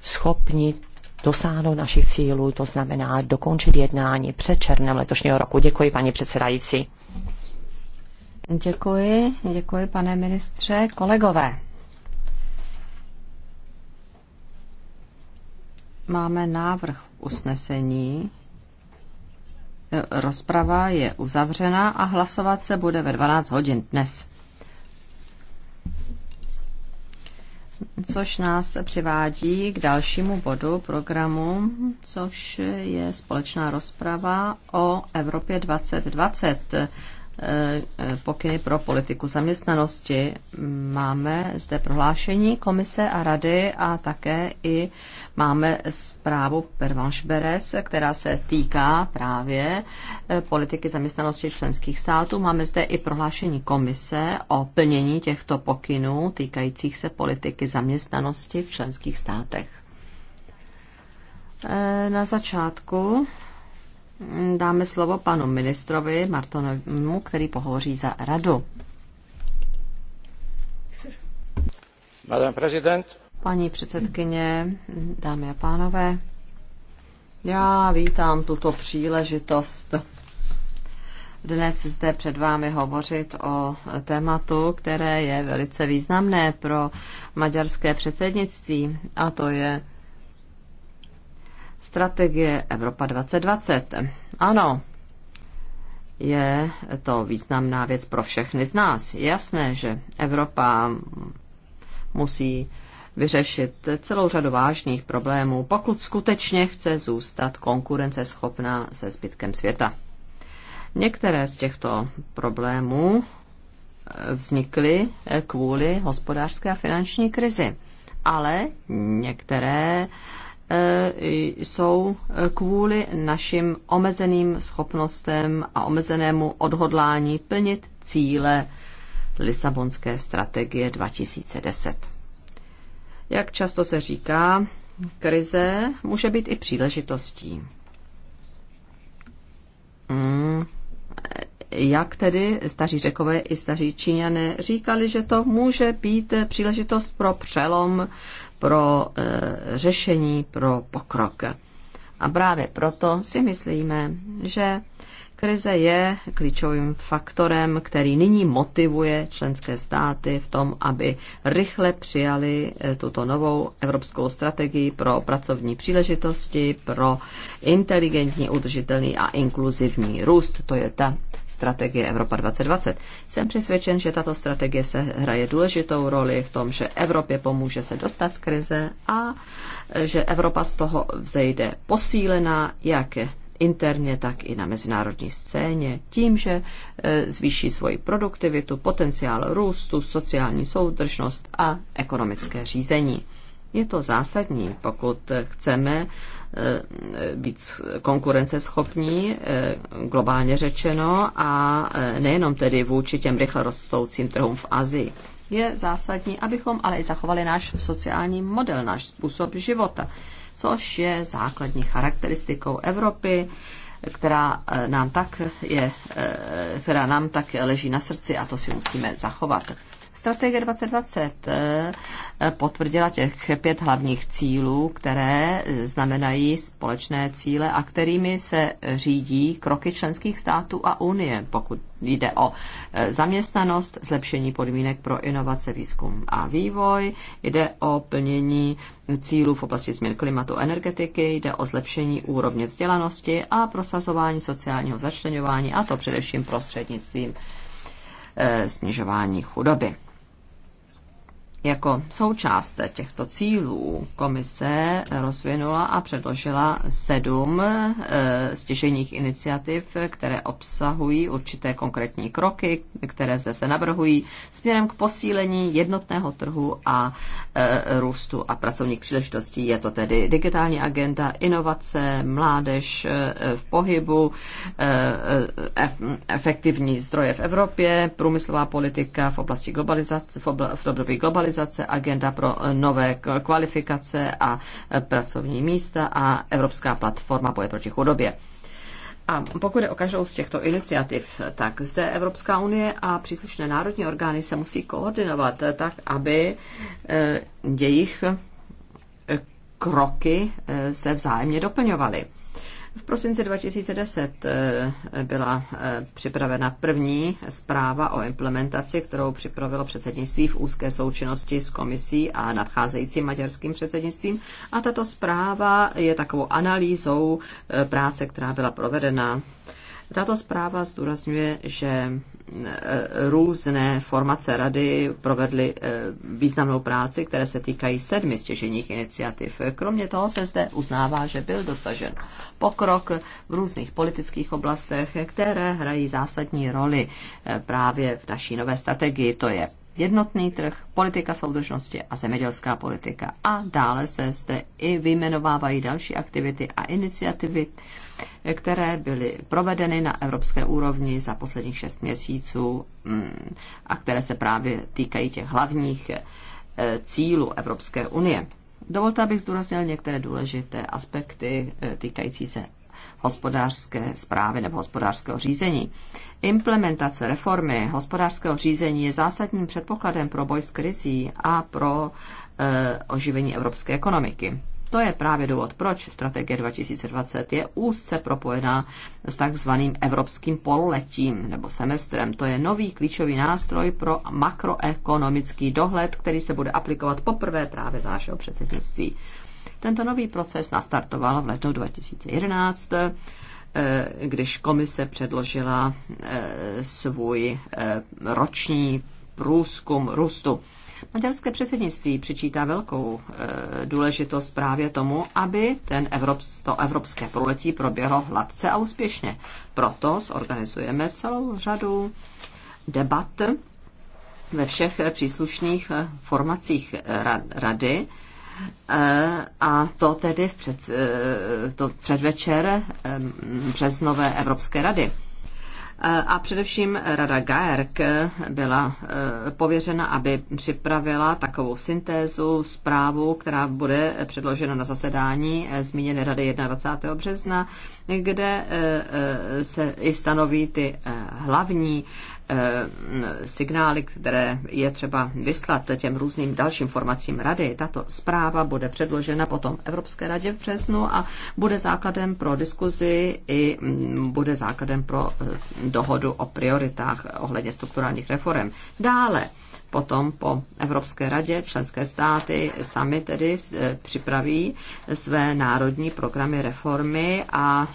schopni dosáhnout našich cílů, to znamená dokončit jednání před černem letošního roku. Děkuji, paní předsedající. Děkuji, děkuji, pane ministře. Kolegové, máme návrh usnesení. Rozprava je uzavřena a hlasovat se bude ve 12 hodin dnes. což nás přivádí k dalšímu bodu programu, což je společná rozprava o Evropě 2020. Eh, eh, pokyny pro politiku zaměstnanosti. Máme zde prohlášení komise a rady a také i máme zprávu Pervanche Beres, která se týká právě eh, politiky zaměstnanosti členských států. Máme zde i prohlášení komise o plnění těchto pokynů týkajících se politiky zaměstnanosti v členských státech. Na začátku dáme slovo panu ministrovi Martonovi, který pohovoří za radu. Madame prezident. Paní předsedkyně, dámy a pánové, já vítám tuto příležitost dnes zde před vámi hovořit o tématu, které je velice významné pro maďarské předsednictví, a to je Strategie Evropa 2020. Ano, je to významná věc pro všechny z nás. Je jasné, že Evropa musí vyřešit celou řadu vážných problémů, pokud skutečně chce zůstat konkurenceschopná se zbytkem světa. Některé z těchto problémů eh, vznikly eh, kvůli hospodářské a finanční krizi, ale některé Eh, jsou kvůli našim omezeným schopnostem a omezenému odhodlání plnit cíle Lisabonské strategie 2010. Jak často se říká, krize může být i příležitostí. Hmm. Jak tedy staří řekové i staří číňané říkali, že to může být příležitost pro přelom pro eh, řešení, pro pokrok. A právě proto si myslíme, že Krize je klíčovým faktorem, který nyní motivuje členské státy v tom, aby rychle přijali eh, tuto novou evropskou strategii pro pracovní příležitosti, pro inteligentní, udržitelný a inkluzivní růst. To je ta strategie Evropa 2020. Jsem přesvědčen, že tato strategie se hraje důležitou roli v tom, že Evropě pomůže se dostat z krize a eh, že Evropa z toho vzejde posílená, jak interně, tak i na mezinárodní scéně, tím, že e, zvýší svoji produktivitu, potenciál růstu, sociální soudržnost a ekonomické řízení. Je to zásadní, pokud chceme e, být konkurenceschopní, e, globálně řečeno, a nejenom tedy vůči těm rychle rostoucím trhům v Azii. Je zásadní, abychom ale i zachovali náš sociální model, náš způsob života což je základní charakteristikou Evropy, která eh, nám tak, je, eh, která nám tak leží na srdci a to si musíme zachovat. Strategie 2020 eh, potvrdila těch pět hlavních cílů, které znamenají společné cíle a kterými se řídí kroky členských států a Unie, pokud jde o eh, zaměstnanost, zlepšení podmínek pro inovace, výzkum a vývoj, jde o plnění cílů v oblasti změn klimatu a energetiky, jde o zlepšení úrovně vzdělanosti a prosazování sociálního začlenování, a to především prostřednictvím eh, snižování chudoby. Jako součást těchto cílů komise rozvinula a předložila sedm e, stěžejních iniciativ, které obsahují určité konkrétní kroky, které zde se navrhují směrem k posílení jednotného trhu a e, růstu a pracovních příležitostí. Je to tedy digitální agenda, inovace, mládež e, v pohybu, efektivní zdroje v Evropě, průmyslová politika v oblasti globalizace, v období globalizace, digitalizace, agenda pro eh, nové kvalifikace a eh, pracovní místa a Evropská platforma boje proti chudobě. A pokud je o každou z těchto iniciativ, tak zde Evropská unie a příslušné národní orgány se musí koordinovat tak, aby eh, jejich kroky se vzájemně doplňovaly. V prosinci 2010 eh, byla eh, připravena první zpráva o implementaci, kterou připravilo předsednictví v úzké součinnosti s komisí a nadcházejícím maďarským předsednictvím. A tato zpráva je takovou analýzou eh, práce, která byla provedena. Tato zpráva zdůrazňuje, že různé formace rady provedly eh, významnou práci, které se týkají sedmi stěženích iniciativ. Kromě toho se zde uznává, že byl dosažen pokrok v různých politických oblastech, které hrají zásadní roli eh, právě v naší nové strategii. To je jednotný trh, politika soudržnosti a zemědělská politika. A dále se zde i vyjmenovávají další aktivity a iniciativy, které byly provedeny na evropské úrovni za posledních šest měsíců mm, a které se právě týkají těch hlavních eh, cílů Evropské unie. Dovolte, abych zdůraznil některé důležité aspekty eh, týkající se hospodářské zprávy nebo hospodářského řízení. Implementace reformy hospodářského řízení je zásadním předpokladem pro boj s krizí a pro e, oživení evropské ekonomiky. To je právě důvod, proč strategie 2020 je úzce propojená s takzvaným evropským pololetím nebo semestrem. To je nový klíčový nástroj pro makroekonomický dohled, který se bude aplikovat poprvé právě za našeho předsednictví. Tento nový proces nastartoval v lednu 2011 eh, když komise předložila eh, svůj eh, roční průzkum růstu. Maďarské předsednictví přičítá velkou e, důležitost právě tomu, aby ten Evrop, to evropské proletí proběhlo hladce a úspěšně. Proto zorganizujeme celou řadu debat ve všech příslušných e, formacích e, rady. E, a to tedy v před, to předvečer březnové Evropské rady. Eh, a především Rada GAERK eh, byla eh, pověřena, aby připravila takovou syntézu, zprávu, která bude předložena na zasedání zmíněné Rady 21. března, kde se i stanoví ty hlavní Eh, signály, které je třeba vyslat těm různým dalším formacím rady. Tato zpráva bude předložena potom Evropské radě v březnu a bude základem pro diskuzi i mm, bude základem pro eh, dohodu o prioritách ohledně strukturálních reform. Dále potom po Evropské radě členské státy sami tedy eh, připraví své národní programy reformy a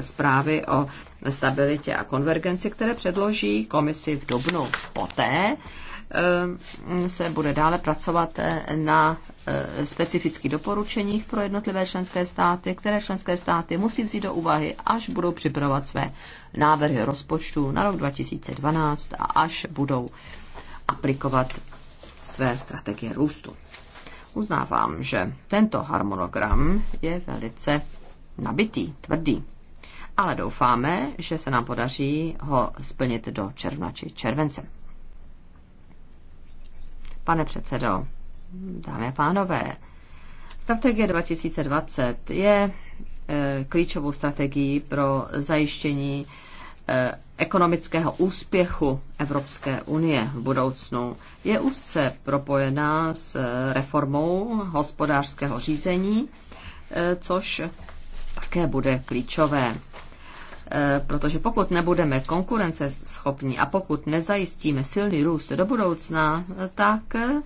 zprávy o stabilitě a konvergenci, které předloží komisi v Dubnu. Poté eh, se bude dále pracovat eh, na eh, specifických doporučeních pro jednotlivé členské státy, které členské státy musí vzít do úvahy, až budou připravovat své návrhy rozpočtu na rok 2012 a až budou aplikovat své strategie růstu. Uznávám, že tento harmonogram je velice nabitý, tvrdý ale doufáme, že se nám podaří ho splnit do června či července. Pane předsedo, dámy a pánové, strategie 2020 je e, klíčovou strategií pro zajištění e, ekonomického úspěchu Evropské unie v budoucnu je úzce propojená s e, reformou hospodářského řízení, což také bude klíčové. Eh, protože pokud nebudeme konkurenceschopní a pokud nezajistíme silný růst do budoucna, tak eh,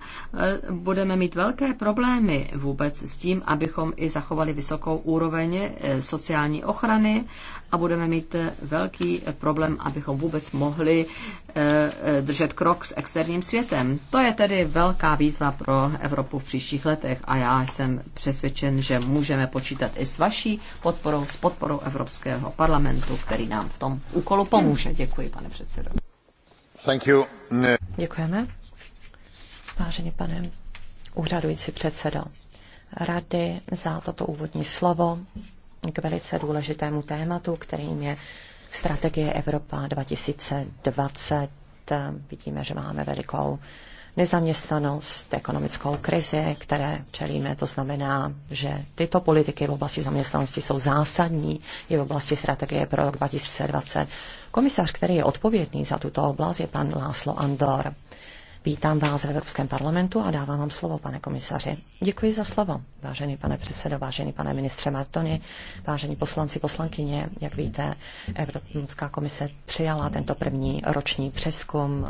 budeme mít velké problémy vůbec s tím, abychom i zachovali vysokou úroveň eh, sociální ochrany a budeme mít eh, velký eh, problém, abychom vůbec mohli eh, držet krok s externím světem. To je tedy velká výzva pro Evropu v příštích letech a já jsem přesvědčen, že můžeme počítat i s vaší podporou, s podporou Evropského parlamentu, který nám v tom úkolu pomůže. Děkuji, pane předsedo. Thank you. Děkujeme. Vážený pane úřadující předsedo rady za toto úvodní slovo k velice důležitému tématu, kterým je strategie Evropa 2020. Vidíme, že máme velikou nezaměstnanost, ekonomickou krizi, které čelíme. To znamená, že tyto politiky v oblasti zaměstnanosti jsou zásadní i v oblasti strategie pro rok 2020. Komisař, který je odpovědný za tuto oblast, je pan Láslo Andor. Vítám vás v Evropském parlamentu a dávám vám slovo, pane komisaři. Děkuji za slovo, vážený pane předsedo, vážený pane ministře Martoni, vážení poslanci, poslankyně. Jak víte, Evropská komise přijala tento první roční přeskum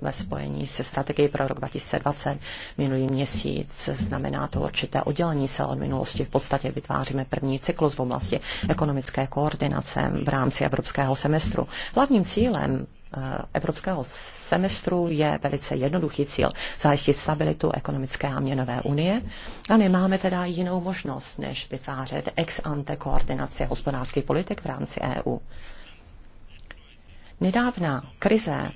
ve spojení se strategií pro rok 2020 minulý měsíc. Znamená to určité oddělení se od minulosti. V podstatě vytváříme první cyklus v oblasti ekonomické koordinace v rámci evropského semestru. Hlavním cílem Eh, evropského semestru je velice jednoduchý cíl zajistit stabilitu ekonomické a měnové unie a nemáme teda jinou možnost, než vytvářet ex ante koordinaci hospodářských politik v rámci EU. Nedávná krize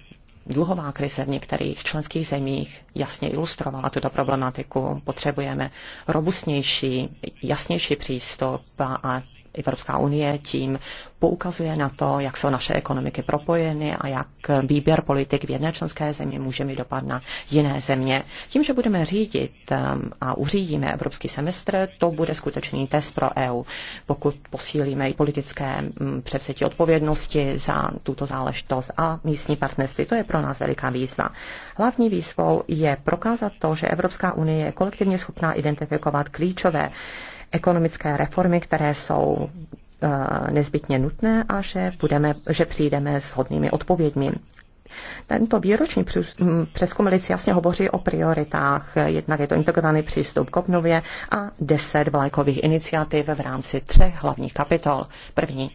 dluhová krize v některých členských zemích jasně ilustrovala tuto problematiku. Potřebujeme robustnější, jasnější přístup a Evropská unie tím poukazuje na to, jak jsou naše ekonomiky propojeny a jak výběr politik v jedné členské zemi může mít dopad na jiné země. Tím, že budeme řídit um, a uřídíme evropský semestr, to bude skutečný test pro EU, pokud posílíme i politické um, převzetí odpovědnosti za tuto záležitost a místní partnerství. To je pro nás veliká výzva. Hlavní výzvou je prokázat to, že Evropská unie je kolektivně schopná identifikovat klíčové ekonomické reformy, které jsou eh, nezbytně nutné a že, budeme, že přijdeme s hodnými odpověďmi. Tento výroční přeskum lic jasně hovoří o prioritách. Jednak je to integrovaný přístup k obnově a deset vlajkových iniciativ v rámci třech hlavních kapitol. První,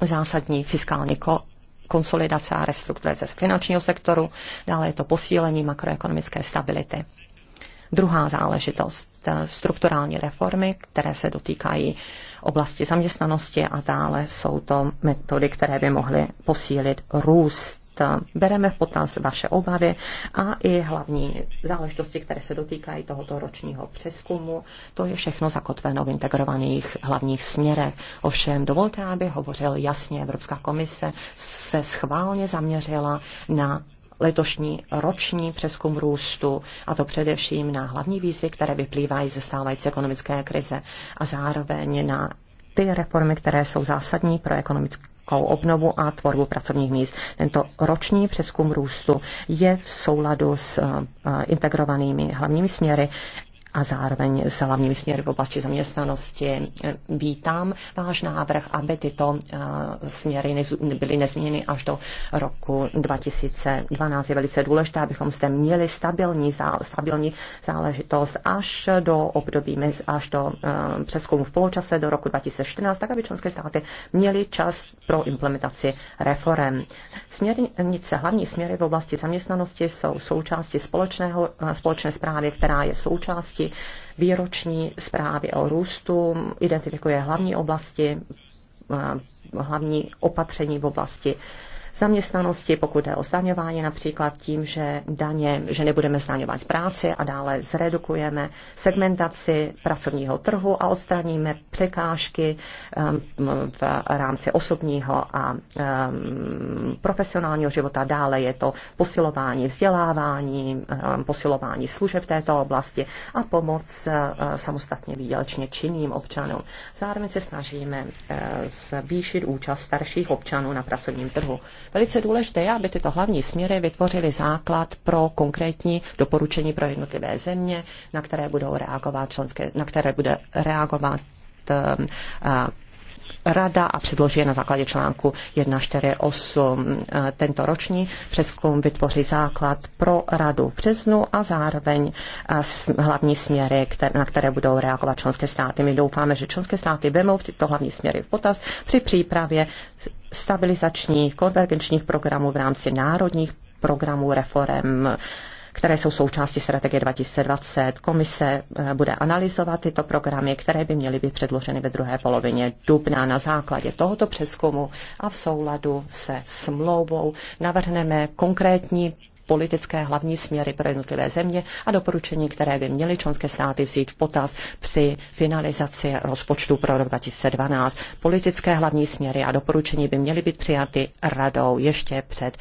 zásadní fiskální ko konsolidace a restrukturalizace finančního sektoru, dále je to posílení makroekonomické stability. Druhá záležitost, eh, strukturální reformy, které se dotýkají oblasti zaměstnanosti a dále jsou to metody, které by mohly posílit růst bereme v potaz vaše obavy a i hlavní záležitosti, které se dotýkají tohoto ročního přeskumu. To je všechno zakotveno v integrovaných hlavních směrech. Ovšem, dovolte, aby hovořil jasně Evropská komise, se schválně zaměřila na letošní roční přeskum růstu, a to především na hlavní výzvy, které vyplývají ze stávající ekonomické krize a zároveň na ty reformy, které jsou zásadní pro ekonomickou obnovu a tvorbu pracovních míst. Tento roční přeskum růstu je v souladu s eh, integrovanými hlavními směry a zároveň s hlavním směrem v oblasti zaměstnanosti. Eh, vítám váš návrh, aby tyto eh, směry byly nezměněny až do roku 2012. Je velice důležité, abychom zde měli stabilní, stabilní záležitost až do období, až do eh, přeskumu v poločase do roku 2014, tak aby členské státy měly čas pro implementaci reform. Směrnice, hlavní směry v oblasti zaměstnanosti jsou součástí společného, společné zprávy, která je součástí oblasti. Výroční zprávy o růstu identifikuje hlavní oblasti, hlavní opatření v oblasti zaměstnanosti, pokud je o zdaňování například tím, že daně, že nebudeme zdaňovat práci a dále zredukujeme segmentaci pracovního trhu a odstraníme překážky um, v rámci osobního a um, profesionálního života. Dále je to posilování vzdělávání, um, posilování služeb v této oblasti a pomoc uh, samostatně výdělečně činným občanům. Zároveň se snažíme uh, zvýšit účast starších občanů na pracovním trhu velice důležité, aby tyto hlavní směry vytvořily základ pro konkrétní doporučení pro jednotlivé země, na které budou reagovat členské, na které bude reagovat ehm, rada a předloží je na základě článku 148. E, tento roční přeskum vytvoří základ pro radu v březnu a zároveň e, hlavní směry, na které budou reagovat členské státy. My doufáme, že členské státy vemou tyto hlavní směry v potaz při přípravě stabilizačních konvergenčních programů v rámci národních programů reform které jsou součástí strategie 2020. Komise eh, bude analyzovat tyto programy, které by měly být předloženy ve druhé polovině dubna. Na základě tohoto přeskumu a v souladu se smlouvou navrhneme konkrétní politické hlavní směry pro jednotlivé země a doporučení, které by měly členské státy vzít v potaz při finalizaci rozpočtu pro rok 2012. Politické hlavní směry a doporučení by měly být přijaty radou ještě před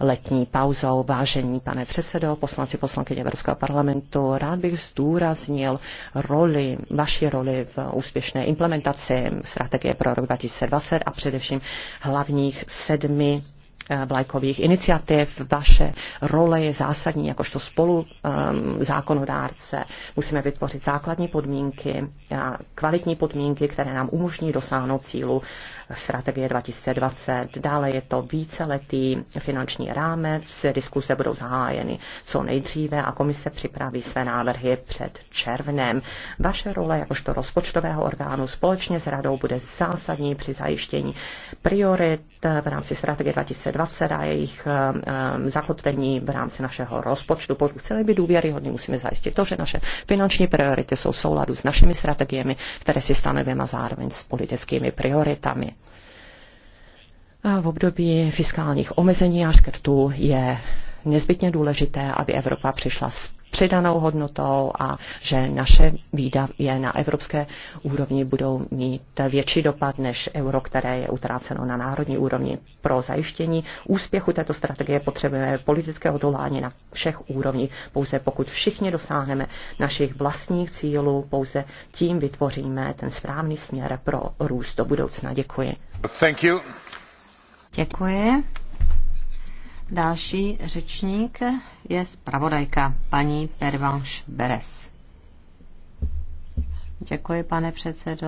letní pauzou. Vážení pane předsedo, poslanci poslankyně Evropského parlamentu, rád bych zdůraznil roli, vaši roli v úspěšné implementaci strategie pro rok 2020 a především hlavních sedmi Eh, vlajkových iniciativ. Vaše role je zásadní jakožto spolu ehm, zákonodárce. Musíme vytvořit základní podmínky, kvalitní podmínky, které nám umožní dosáhnout cílu strategie 2020. Dále je to víceletý finanční rámec, diskuse budou zahájeny co nejdříve a komise připraví své návrhy před červnem. Vaše role jakožto rozpočtového orgánu společně s radou bude zásadní při zajištění priorit v rámci strategie 2020 a jejich ehm, zakotvení v rámci našeho rozpočtu. Pokud chceme být důvěryhodní, musíme zajistit to, že naše finanční priority jsou v souladu s našimi strategiemi, které si stanovíme a zároveň s politickými prioritami v období fiskálních omezení a škrtů je nezbytně důležité, aby Evropa přišla s přidanou hodnotou a že naše výdaje na evropské úrovni budou mít větší dopad než euro, které je utráceno na národní úrovni. Pro zajištění úspěchu této strategie potřebujeme politické odolání na všech úrovních. Pouze pokud všichni dosáhneme našich vlastních cílů, pouze tím vytvoříme ten správný směr pro růst do budoucna. Děkuji. Thank you. Děkuji. Další řečník je zpravodajka paní Pervanche Beres. Děkuji, pane předsedo,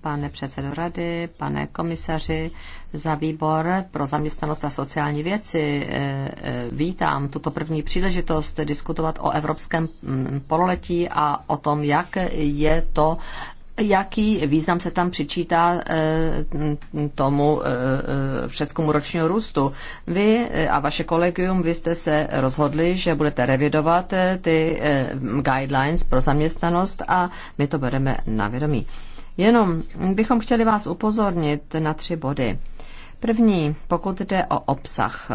pane předsedo rady, pane komisaři za výbor pro zaměstnanost a sociální věci. E, e, vítám tuto první příležitost diskutovat o evropském mm, pololetí a o tom, jak je to jaký význam se tam přičítá e, tomu e, e, přeskumu ročního růstu. Vy a vaše kolegium, vy jste se rozhodli, že budete revidovat ty guidelines pro zaměstnanost a my to bereme na vědomí. Jenom bychom chtěli vás upozornit na tři body. První, pokud jde o obsah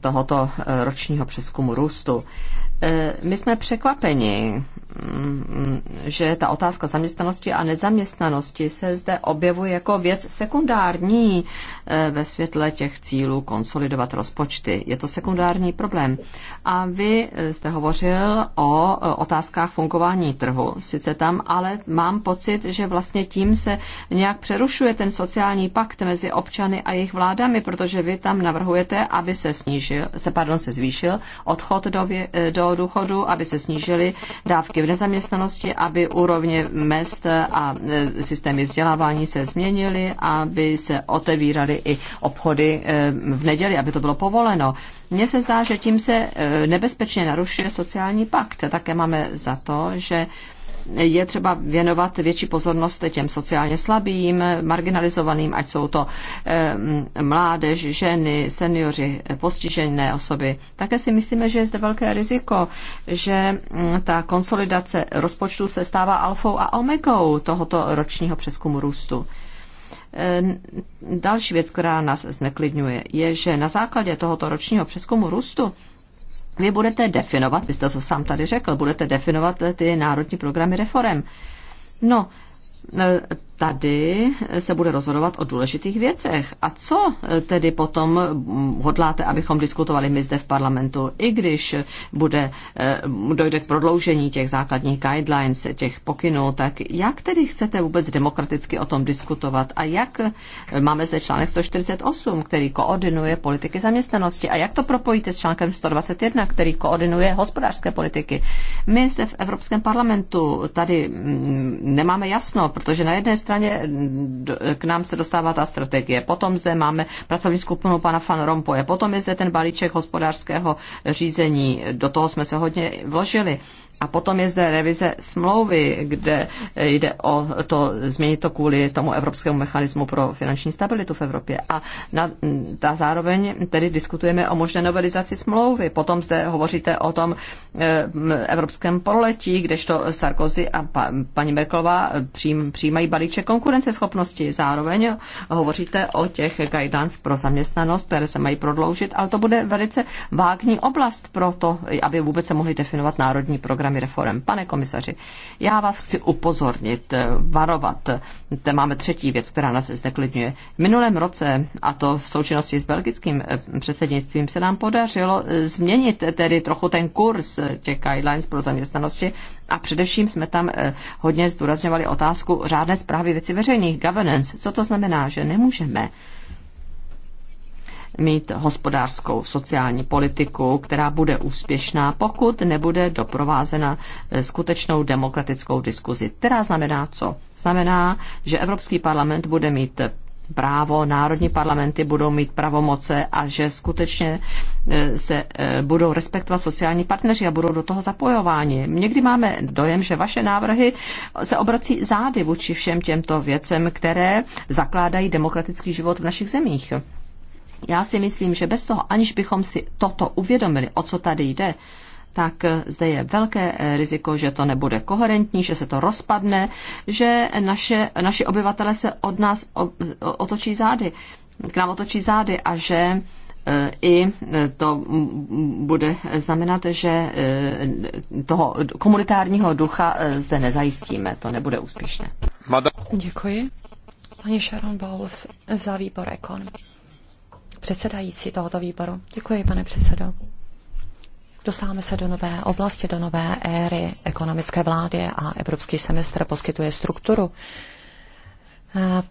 tohoto ročního přeskumu růstu. My jsme překvapeni že ta otázka zaměstnanosti a nezaměstnanosti se zde objevuje jako věc sekundární eh, ve světle těch cílů konsolidovat rozpočty. Je to sekundární problém. A vy eh, jste hovořil o eh, otázkách fungování trhu, sice tam, ale mám pocit, že vlastně tím se nějak přerušuje ten sociální pakt mezi občany a jejich vládami, protože vy tam navrhujete, aby se snížil, se, pardon, se zvýšil odchod do, vě, do důchodu, aby se snížily dávky v nezaměstnanosti, aby úrovně mest a e, systémy vzdělávání se změnily, aby se otevíraly i obchody e, v neděli, aby to bylo povoleno. Mně se zdá, že tím se e, nebezpečně narušuje sociální pakt. Také máme za to, že je třeba věnovat větší pozornost těm sociálně slabým, marginalizovaným, ať jsou to eh, mládež, ženy, seniori, postižené osoby. Také si myslíme, že je zde velké riziko, že mm, ta konsolidace rozpočtu se stává alfou a omegou tohoto ročního přeskumu růstu. Eh, další věc, která nás zneklidňuje, je, že na základě tohoto ročního přeskumu růstu vy budete definovat, vy jste to sám tady řekl, budete definovat ty národní programy reform. No, e, tady se bude rozhodovat o důležitých věcech. A co tedy potom hodláte, abychom diskutovali my zde v parlamentu, i když bude, eh, dojde k prodloužení těch základních guidelines, těch pokynů, tak jak tedy chcete vůbec demokraticky o tom diskutovat a jak eh, máme zde článek 148, který koordinuje politiky zaměstnanosti a jak to propojíte s článkem 121, který koordinuje hospodářské politiky. My zde v Evropském parlamentu tady mm, nemáme jasno, protože na jedné straně straně k nám se dostává ta strategie. Potom zde máme pracovní skupinu pana Fan Rompoje. Potom je zde ten balíček hospodářského řízení. Do toho jsme se hodně vložili. A potom je zde revize smlouvy, kde jde o to změnit to kvůli tomu evropskému mechanismu pro finanční stabilitu v Evropě. A na, ta zároveň tedy diskutujeme o možné novelizaci smlouvy. Potom zde hovoříte o tom eh, evropském poletí, kdežto Sarkozy a pa, paní Merklová přijím, přijímají balíček konkurenceschopnosti. Zároveň hovoříte o těch guidance pro zaměstnanost, které se mají prodloužit, ale to bude velice vágní oblast pro to, aby vůbec se mohly definovat národní programy programy reform. Pane komisaři, já vás chci upozornit, eh, varovat. Te máme třetí věc, která nás zneklidňuje. V minulém roce, a to v součinnosti s belgickým eh, předsednictvím, se nám podařilo eh, změnit tedy trochu ten kurz těch guidelines pro zaměstnanosti a především jsme tam hodně zdůrazňovali otázku řádné zprávy věci veřejných, governance. Co to znamená, že nemůžeme mít hospodářskou sociální politiku, která bude úspěšná, pokud nebude doprovázena eh, skutečnou demokratickou diskuzi. Která znamená co? Znamená, že Evropský parlament bude mít eh, právo, národní parlamenty budou mít pravomoce a že skutečně eh, se budou respektovat sociální partneři a budou do toho zapojováni. Někdy máme dojem, že vaše návrhy se obrací zády vůči všem těmto věcem, které zakládají demokratický život v našich zemích. Já si myslím, že bez toho, aniž bychom si toto uvědomili, o co tady jde, tak eh, zde je velké eh, riziko, že to nebude koherentní, že se to rozpadne, že naše, naši obyvatele se od nás eh, otočí zády, k nám otočí zády a že i to bude znamenat, že toho komunitárního ducha zde nezajistíme. To nebude úspěšné. Děkuji. Pani Sharon Bowles za výbor Ekon předsedající tohoto výboru. Děkuji, pane předsedo. Dostáváme se do nové oblasti, do nové éry ekonomické vlády a evropský semestr poskytuje strukturu, eh,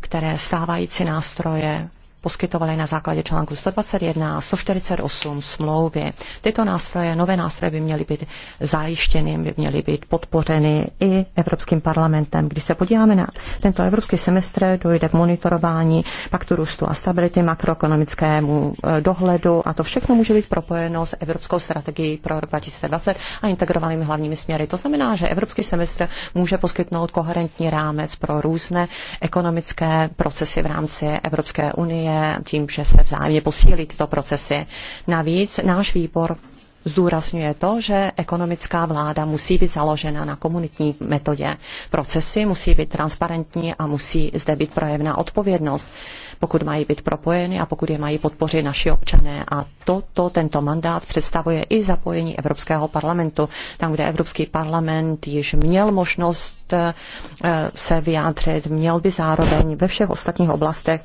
které stávající nástroje poskytovaly na základě článku 121 a 148 smlouvy. Tyto nástroje, nové nástroje by měly být zajištěny, by měly být podpořeny i Evropským parlamentem. Když se podíváme na tento evropský semestr, dojde k monitorování paktu růstu a stability, makroekonomickému eh, dohledu a to všechno může být propojeno s Evropskou strategií pro rok 2020 a integrovanými hlavními směry. To znamená, že Evropský semestr může poskytnout koherentní rámec pro různé ekonomické procesy v rámci Evropské unie právě tím, že se vzájemně posílí tyto procesy. Navíc náš výbor zdůrazňuje to, že ekonomická vláda musí být založena na komunitní metodě. Procesy musí být transparentní a musí zde být projevná odpovědnost, pokud mají být propojeny a pokud je mají podpořit naši občané. A toto, tento mandát představuje i zapojení Evropského parlamentu, tam, kde Evropský parlament již měl možnost Eh, se vyjádřit, měl by zároveň ve všech ostatních oblastech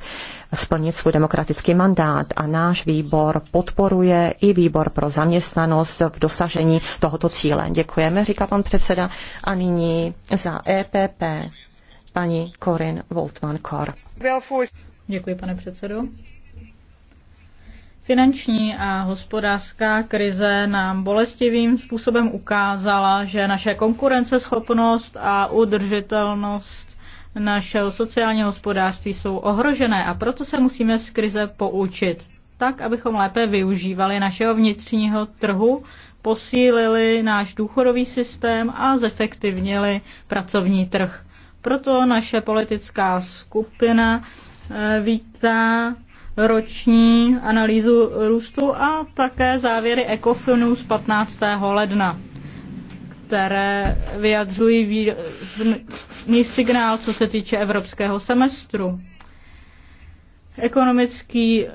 splnit svůj demokratický mandát a náš výbor podporuje i výbor pro zaměstnanost v dosažení tohoto cíle. Děkujeme, říká pan předseda. A nyní za EPP paní Corin Voltman-Kor. Děkuji, pane předsedo. Finanční a hospodářská krize nám bolestivým způsobem ukázala, že naše konkurenceschopnost a udržitelnost našeho sociálního hospodářství jsou ohrožené a proto se musíme z krize poučit, tak abychom lépe využívali našeho vnitřního trhu, posílili náš důchodový systém a zefektivnili pracovní trh. Proto naše politická skupina eh, vítá roční analýzu růstu a také závěry ECOFINu z 15. ledna, které vyjadřují výrazný signál, co se týče evropského semestru. Ekonomický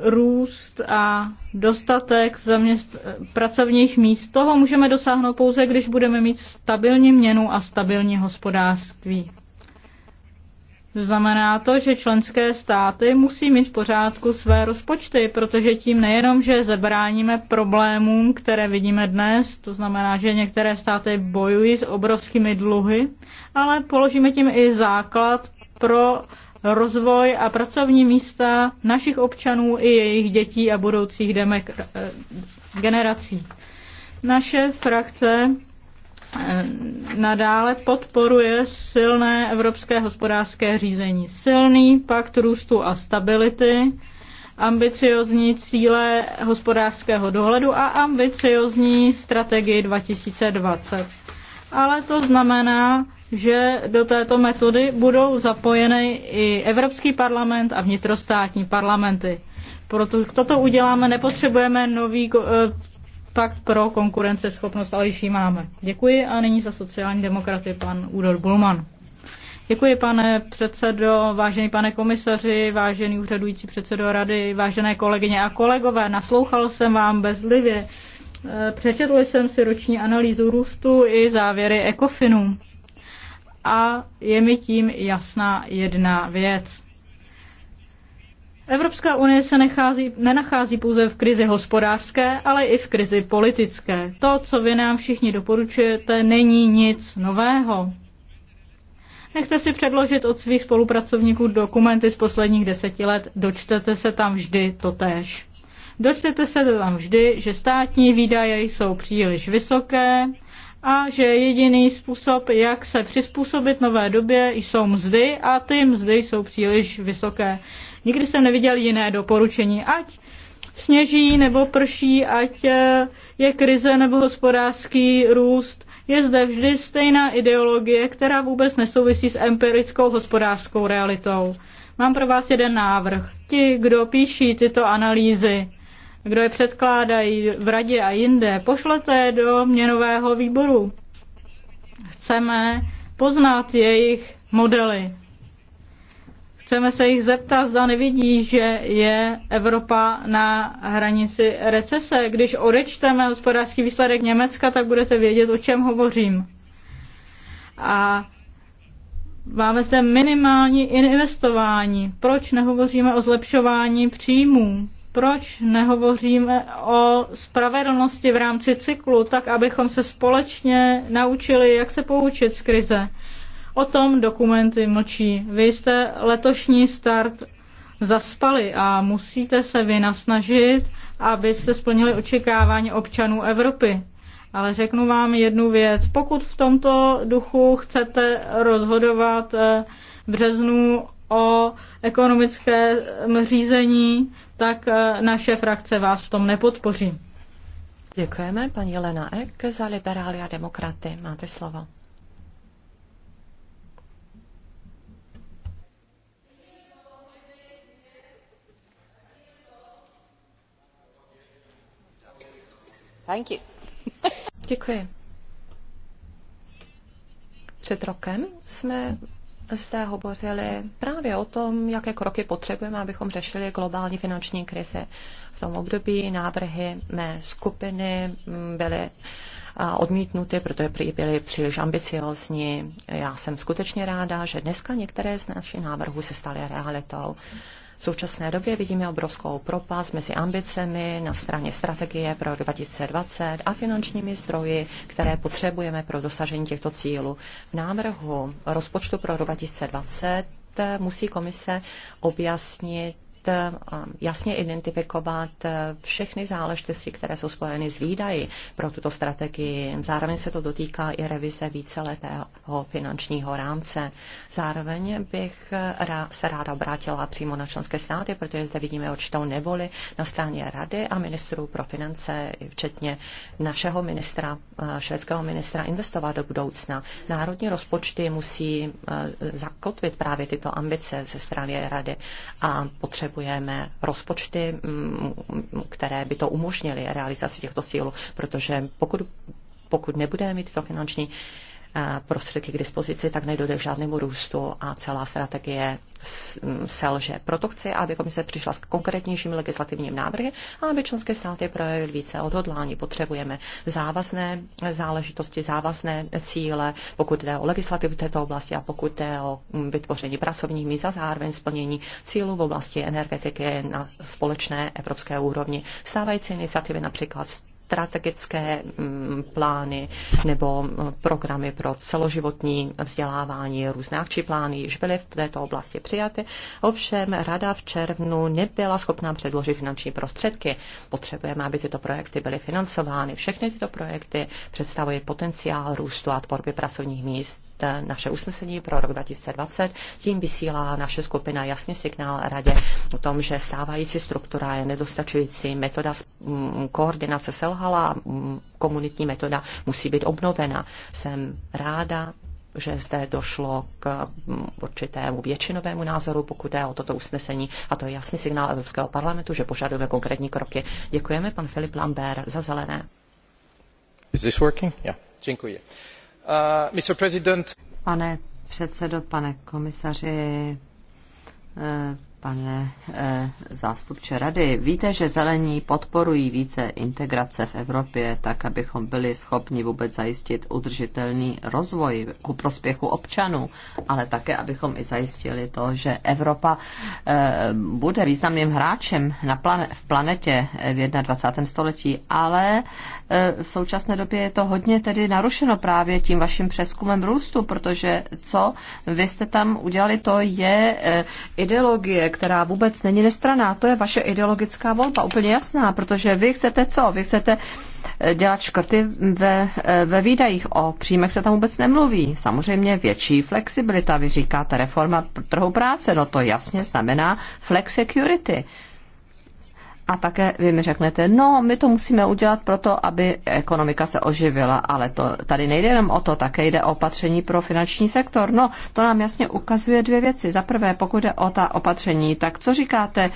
růst a dostatek zaměst... pracovních míst. Toho můžeme dosáhnout pouze, když budeme mít stabilní měnu a stabilní hospodářství. Znamená to, že členské státy musí mít v pořádku své rozpočty, protože tím nejenom, že zabráníme problémům, které vidíme dnes, to znamená, že některé státy bojují s obrovskými dluhy, ale položíme tím i základ pro rozvoj a pracovní místa našich občanů i jejich dětí a budoucích eh, generací. Naše frakce nadále podporuje silné evropské hospodářské řízení, silný pakt růstu a stability, ambiciozní cíle hospodářského dohledu a ambiciozní strategii 2020. Ale to znamená, že do této metody budou zapojeny i Evropský parlament a vnitrostátní parlamenty. Proto toto uděláme, nepotřebujeme nový eh, pakt pro konkurenceschopnost, ale již ji máme. Děkuji a nyní za sociální demokraty pan Udor Bulman. Děkuji, pane předsedo, vážený pane komisaři, vážený úřadující předsedo rady, vážené kolegyně a kolegové. Naslouchal jsem vám bezlivě. E, přečetl jsem si roční analýzu růstu i závěry ECOFINu. A je mi tím jasná jedna věc. Evropská unie se nechází, nenachází pouze v krizi hospodářské, ale i v krizi politické. To, co vy nám všichni doporučujete, není nic nového. Nechte si předložit od svých spolupracovníků dokumenty z posledních deseti let, dočtete se tam vždy totéž. Dočtete se tam vždy, že státní výdaje jsou příliš vysoké a že jediný způsob, jak se přizpůsobit nové době, jsou mzdy a ty mzdy jsou příliš vysoké. Nikdy jsem neviděl jiné doporučení, ať sněží nebo prší, ať eh, je krize nebo hospodářský růst. Je zde vždy stejná ideologie, která vůbec nesouvisí s empirickou hospodářskou realitou. Mám pro vás jeden návrh. Ti, kdo píší tyto analýzy, kdo je předkládají v radě a jinde, pošlete do měnového výboru. Chceme poznat jejich modely. Chceme se jich zeptat, zda nevidí, že je Evropa na hranici recese. Když odečteme hospodářský výsledek Německa, tak budete vědět, o čem hovořím. A máme zde minimální investování. Proč nehovoříme o zlepšování příjmů? Proč nehovoříme o spravedlnosti v rámci cyklu, tak abychom se společně naučili, jak se poučit z krize? O tom dokumenty mlčí. Vy jste letošní start zaspali a musíte se nasnažit, abyste splnili očekávání občanů Evropy. Ale řeknu vám jednu věc. Pokud v tomto duchu chcete rozhodovat eh, v březnu o ekonomické řízení, tak eh, naše frakce vás v tom nepodpoří. Děkujeme, paní Lena Ek za liberály a demokraty. Máte slovo. Děkuji. Před rokem jsme zde hovořili právě o tom, jaké kroky potřebujeme, abychom řešili globální finanční krizi. V tom období návrhy mé skupiny mm, byly odmítnuty, protože byly příliš ambiciozní. Já jsem skutečně ráda, že dneska některé z našich návrhů se staly realitou. V současné době vidíme obrovskou propast mezi ambicemi na straně strategie pro 2020 a finančními zdroji, které potřebujeme pro dosažení těchto cílů. V návrhu rozpočtu pro 2020 musí komise objasnit Eh, jasně identifikovat eh, všechny záležitosti, které jsou spojeny s výdaji pro tuto strategii. Zároveň se to dotýká i revize víceletého finančního rámce. Zároveň bych eh, se ráda obrátila přímo na členské státy, protože zde vidíme určitou nevoli na straně Rady a ministrů pro finance, včetně našeho ministra, švédského ministra, investovat do budoucna. Národní rozpočty musí zakotvit právě tyto ambice ze strany Rady a potřebu potřebujeme rozpočty, mm, které by to umožnily realizaci těchto cílů, protože pokud, pokud nebudeme mít to finanční Eh, prostředky k dispozici, tak nedojde k žádnému růstu a celá strategie mm, selže. Proto chci, aby komise přišla s konkrétnějším legislativním návrhy a aby členské státy projevily více odhodlání. Potřebujeme závazné záležitosti, závazné cíle, pokud jde o legislativu této oblasti a pokud jde o mm, vytvoření pracovních míst a zároveň splnění cílů v oblasti energetiky na společné evropské úrovni. Stávající iniciativy například strategické mm, plány nebo mm, programy pro celoživotní vzdělávání, různé akční plány již byly v této oblasti přijaty. Ovšem Rada v červnu nebyla schopná předložit finanční prostředky. Potřebujeme, aby tyto projekty byly financovány. Všechny tyto projekty představují potenciál růstu a tvorby pracovních míst Eh, naše usnesení pro rok 2020. Tím vysílá naše skupina jasný signál radě o tom, že stávající struktura je nedostačující, metoda mm, koordinace selhala, mm, komunitní metoda musí být obnovena. Jsem ráda, že zde došlo k mm, určitému většinovému názoru, pokud je o toto usnesení. A to je jasný signál Evropského parlamentu, že požadujeme konkrétní kroky. Děkujeme, pan Filip Lambert, za zelené. Is this working? Yeah. Děkuji. Pane uh, President. Pane předsedo, pane komisaři, eh, Pane e, zástupče rady, víte, že zelení podporují více integrace v Evropě, tak abychom byli schopni vůbec zajistit udržitelný rozvoj ku prospěchu občanů, ale také abychom i zajistili to, že Evropa e, bude významným hráčem na plane, v planetě eh, v 21. století, ale e, v současné době je to hodně tedy narušeno právě tím vaším přeskumem růstu, protože co vy jste tam udělali, to je e, ideologie, která vůbec není nestraná. To je vaše ideologická volba, úplně jasná, protože vy chcete co? Vy chcete eh, dělat škrty ve, eh, ve výdajích. O příjmech se tam vůbec nemluví. Samozřejmě větší flexibilita. Vy říkáte reforma trhu práce, no to jasně znamená flex security a také vy mi řeknete, no, my to musíme udělat proto, aby ekonomika se oživila, ale to tady nejde jenom o to, také jde o opatření pro finanční sektor. No, to nám jasně ukazuje dvě věci. Za prvé, pokud jde o ta opatření, tak co říkáte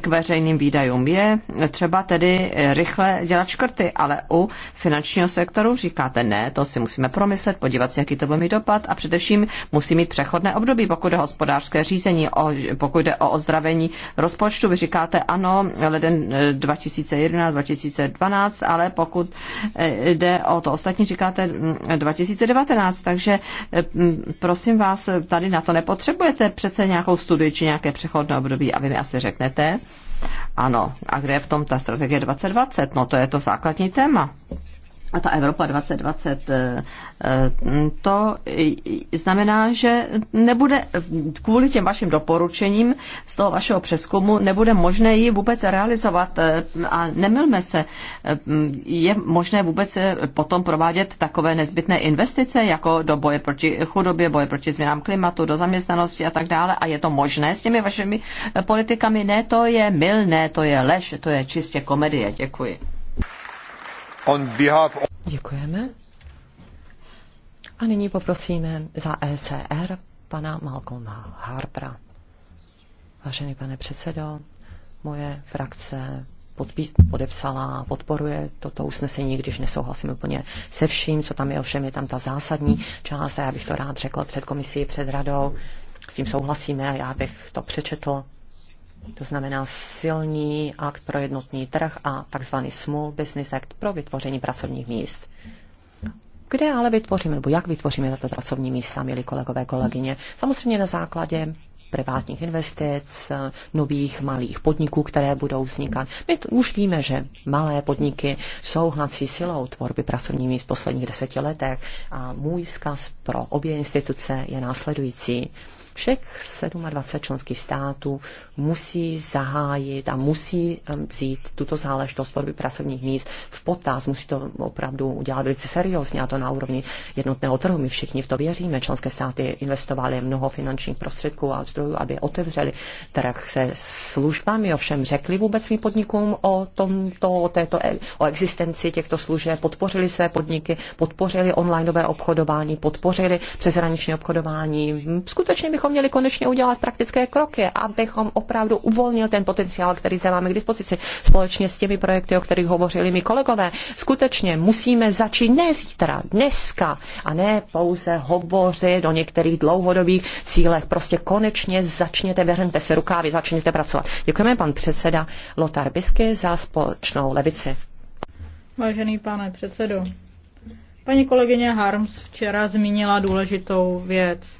k veřejným výdajům? Je třeba tedy rychle dělat škrty, ale u finančního sektoru říkáte ne, to si musíme promyslet, podívat se, jaký to bude mít dopad a především musí mít přechodné období, pokud jde o hospodářské řízení, o, pokud jde o ozdravení rozpočtu. Vy říkáte ano, leden 2011-2012, eh, ale pokud eh, jde o to ostatní, říkáte 2019, mm, takže eh, mm, prosím vás, tady na to nepotřebujete přece nějakou studii či nějaké přechodné období a vy mi asi řeknete, ano, a kde je v tom ta strategie 2020? No to je to základní téma a ta Evropa 2020, eh, eh, to znamená, že nebude kvůli těm vašim doporučením z toho vašeho přeskumu nebude možné ji vůbec realizovat eh, a nemilme se, je možné vůbec potom provádět takové nezbytné investice, jako do boje proti chudobě, boje proti změnám klimatu, do zaměstnanosti a tak dále a je to možné s těmi vašimi politikami? Ne, to je milné, to je lež, to je čistě komedie. Děkuji. Děkujeme. A nyní poprosíme za ECR pana Malcolma Harpra. Vážený pane předsedo, moje frakce podepsala a podporuje toto usnesení, když nesouhlasím úplně se vším, co tam je, ovšem je tam ta zásadní část a já bych to rád řekl před komisí, před radou. S tím souhlasíme a já bych to přečetl to znamená silný akt pro jednotný trh a tzv. Small Business Act pro vytvoření pracovních míst. Kde ale vytvoříme, nebo jak vytvoříme tato pracovní místa, milí kolegové, kolegyně? Samozřejmě na základě privátních investic, nových malých podniků, které budou vznikat. My už víme, že malé podniky jsou hnací silou tvorby pracovních míst v posledních deseti letech a můj vzkaz pro obě instituce je následující všech 27 členských států musí zahájit a musí vzít tuto záležitost tvorby pracovních míst v potaz. Musí to opravdu udělat velice seriózně a to na úrovni jednotného trhu. My všichni v to věříme. Členské státy investovaly mnoho finančních prostředků a zdrojů, aby otevřeli trh se službami. Ovšem řekli vůbec svým podnikům o tomto, o, této, e, o existenci těchto služeb, podpořili své podniky, podpořili onlineové obchodování, podpořili přeshraniční obchodování. Hm, skutečně bychom bychom měli konečně udělat praktické kroky, abychom opravdu uvolnil ten potenciál, který zde máme k dispozici společně s těmi projekty, o kterých hovořili mi kolegové. Skutečně musíme začít ne zítra, dneska a ne pouze hovořit o některých dlouhodobých cílech. Prostě konečně začněte, vrhnete se rukávy, začněte pracovat. Děkujeme pan předseda Lotar Bisky za společnou levici. Vážený pane předsedo, paní kolegyně Harms včera zmínila důležitou věc.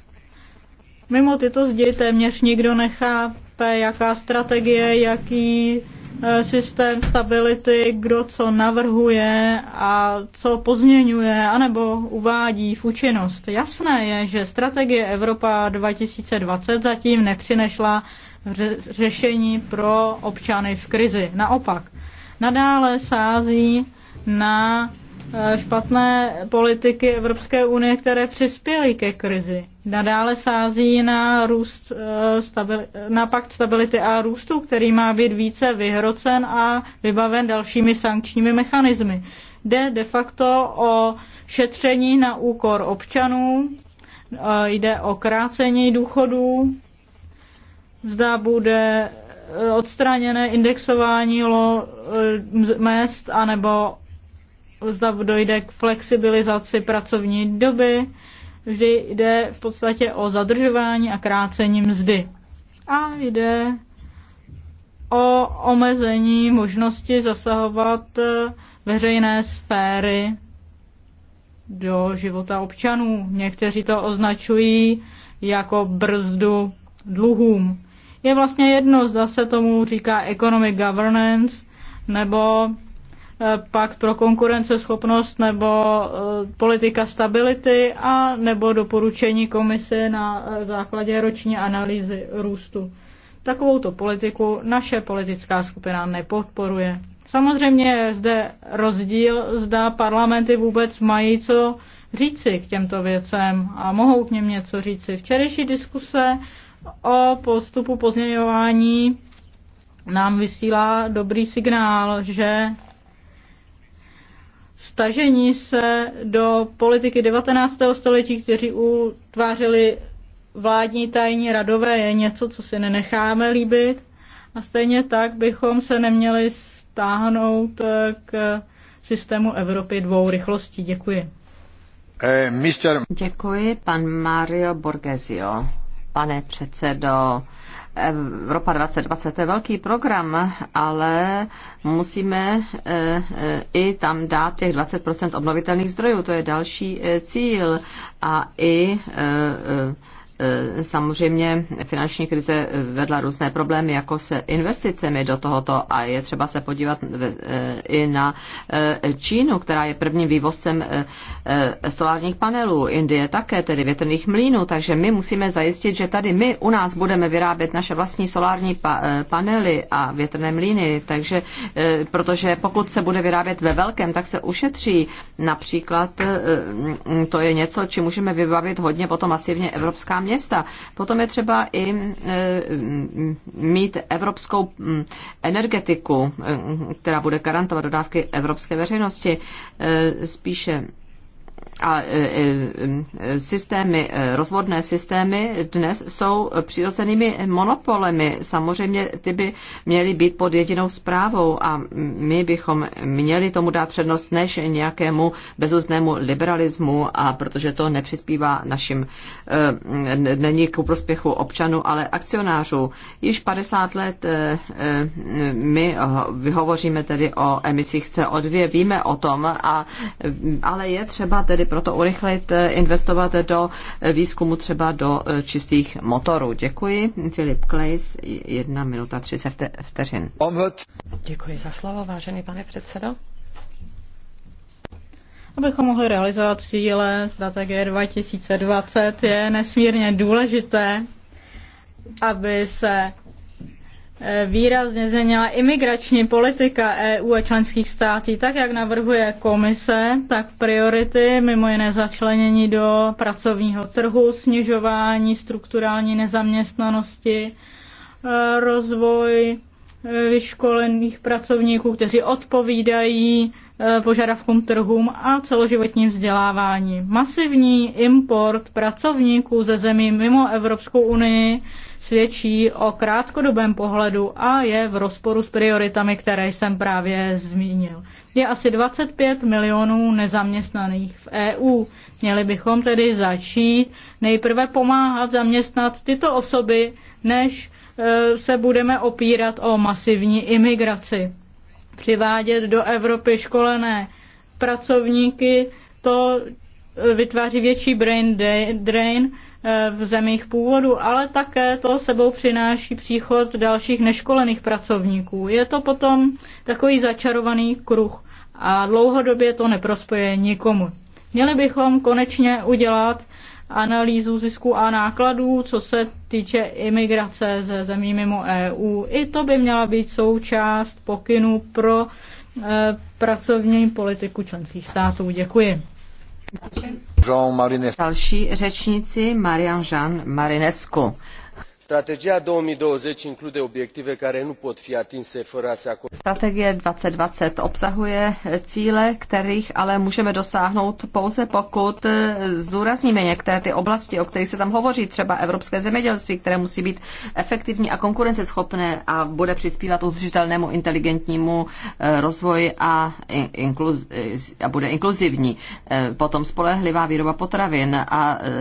Mimo tyto zdi téměř nikdo nechápe, jaká strategie, jaký e, systém stability, kdo co navrhuje a co pozměňuje anebo uvádí v účinnost. Jasné je, že strategie Evropa 2020 zatím nepřinešla řešení pro občany v krizi. Naopak, nadále sází na Eh, špatné politiky Evropské unie, které přispěly ke krizi. Nadále sází na, růst, eh, na pakt stability a růstu, který má být více vyhrocen a vybaven dalšími sankčními mechanismy. Jde de facto o šetření na úkor občanů, eh, jde o krácení důchodů, zda bude odstraněné indexování mest anebo zda dojde k flexibilizaci pracovní doby, vždy jde v podstatě o zadržování a krácení mzdy. A jde o omezení možnosti zasahovat eh, veřejné sféry do života občanů. Někteří to označují jako brzdu dluhům. Je vlastně jedno, zda se tomu říká economic governance nebo pakt pro konkurenceschopnost nebo eh, politika stability a nebo doporučení komise na eh, základě roční analýzy růstu. Takovouto politiku naše politická skupina nepodporuje. Samozřejmě je zde rozdíl, zda parlamenty vůbec mají co říci k těmto věcem a mohou k něm něco říci. Včerejší diskuse o postupu pozměňování nám vysílá dobrý signál, že stažení se do politiky 19. století, kteří utvářeli vládní tajní radové, je něco, co si nenecháme líbit. A stejně tak bychom se neměli stáhnout eh, k systému Evropy dvou rychlostí. Děkuji. Eh, Děkuji, pan Mario Borgesio. Pane předsedo, Evropa 2020 je velký program, ale musíme eh, eh, i tam dát těch 20 obnovitelných zdrojů. To je další eh, cíl. A i Eh, samozřejmě finanční krize vedla různé problémy, jako se investicemi do tohoto a je třeba se podívat eh, i na eh, Čínu, která je prvním vývozcem solárních panelů, Indie také, tedy větrných mlínů, takže my musíme zajistit, že tady my u nás budeme vyrábět naše vlastní solární pa- panely a větrné mlíny, takže protože pokud se bude vyrábět ve velkém, tak se ušetří například to je něco, či můžeme vybavit hodně potom masivně evropská města města. Potom je třeba i e, mít evropskou energetiku, e, která bude garantovat dodávky evropské veřejnosti. E, spíše a e, e, systémy, e, rozvodné systémy dnes jsou přirozenými monopolemi. Samozřejmě ty by měly být pod jedinou zprávou a my bychom měli tomu dát přednost než nějakému bezuznému liberalismu, a protože to nepřispívá našim, není ku prospěchu občanů, ale akcionářů. Již 50 let my hovoříme tedy o emisích CO2, víme o tom, a, ale je třeba tedy proto urychlit, eh, investovat do eh, výzkumu třeba do eh, čistých motorů. Děkuji. Filip Klejs, jedna minuta 30 vteřin. Děkuji za slovo, vážený pane předsedo. Abychom mohli realizovat cíle strategie 2020, je nesmírně důležité, aby se výrazně změnila imigrační politika EU a členských států, tak jak navrhuje komise, tak priority, mimo jiné začlenění do pracovního trhu, snižování strukturální nezaměstnanosti, eh, rozvoj eh, vyškolených pracovníků, kteří odpovídají Eh, požadavkům trhům a celoživotním vzdělávání. Masivní import pracovníků ze zemí mimo Evropskou unii svědčí o krátkodobém pohledu a je v rozporu s prioritami, které jsem právě zmínil. Je asi 25 milionů nezaměstnaných v EU. Měli bychom tedy začít nejprve pomáhat zaměstnat tyto osoby, než eh, se budeme opírat o masivní imigraci přivádět do Evropy školené pracovníky, to eh, vytváří větší brain drain eh, v zemích původu, ale také to sebou přináší příchod dalších neškolených pracovníků. Je to potom takový začarovaný kruh a dlouhodobě to neprospěje nikomu. Měli bychom konečně udělat analýzu zisku a nákladů, co se týče imigrace ze zemí mimo EU. I to by měla být součást pokynů pro eh, pracovní politiku členských států. Děkuji. Další řečnici Marian Jean Marinescu strategia două mii douăzeci include obiective care nu pot fi atinse fără a se acorda. Strategie 2020 obsahuje cíle, kterých ale můžeme dosáhnout pouze pokud zdůrazníme některé ty oblasti, o kterých se tam hovoří, třeba evropské zemědělství, které musí být efektivní a konkurenceschopné a bude přispívat udržitelnému inteligentnímu eh, rozvoji a, inkluz, a bude inkluzivní. Eh, potom spolehlivá výroba potravin a eh,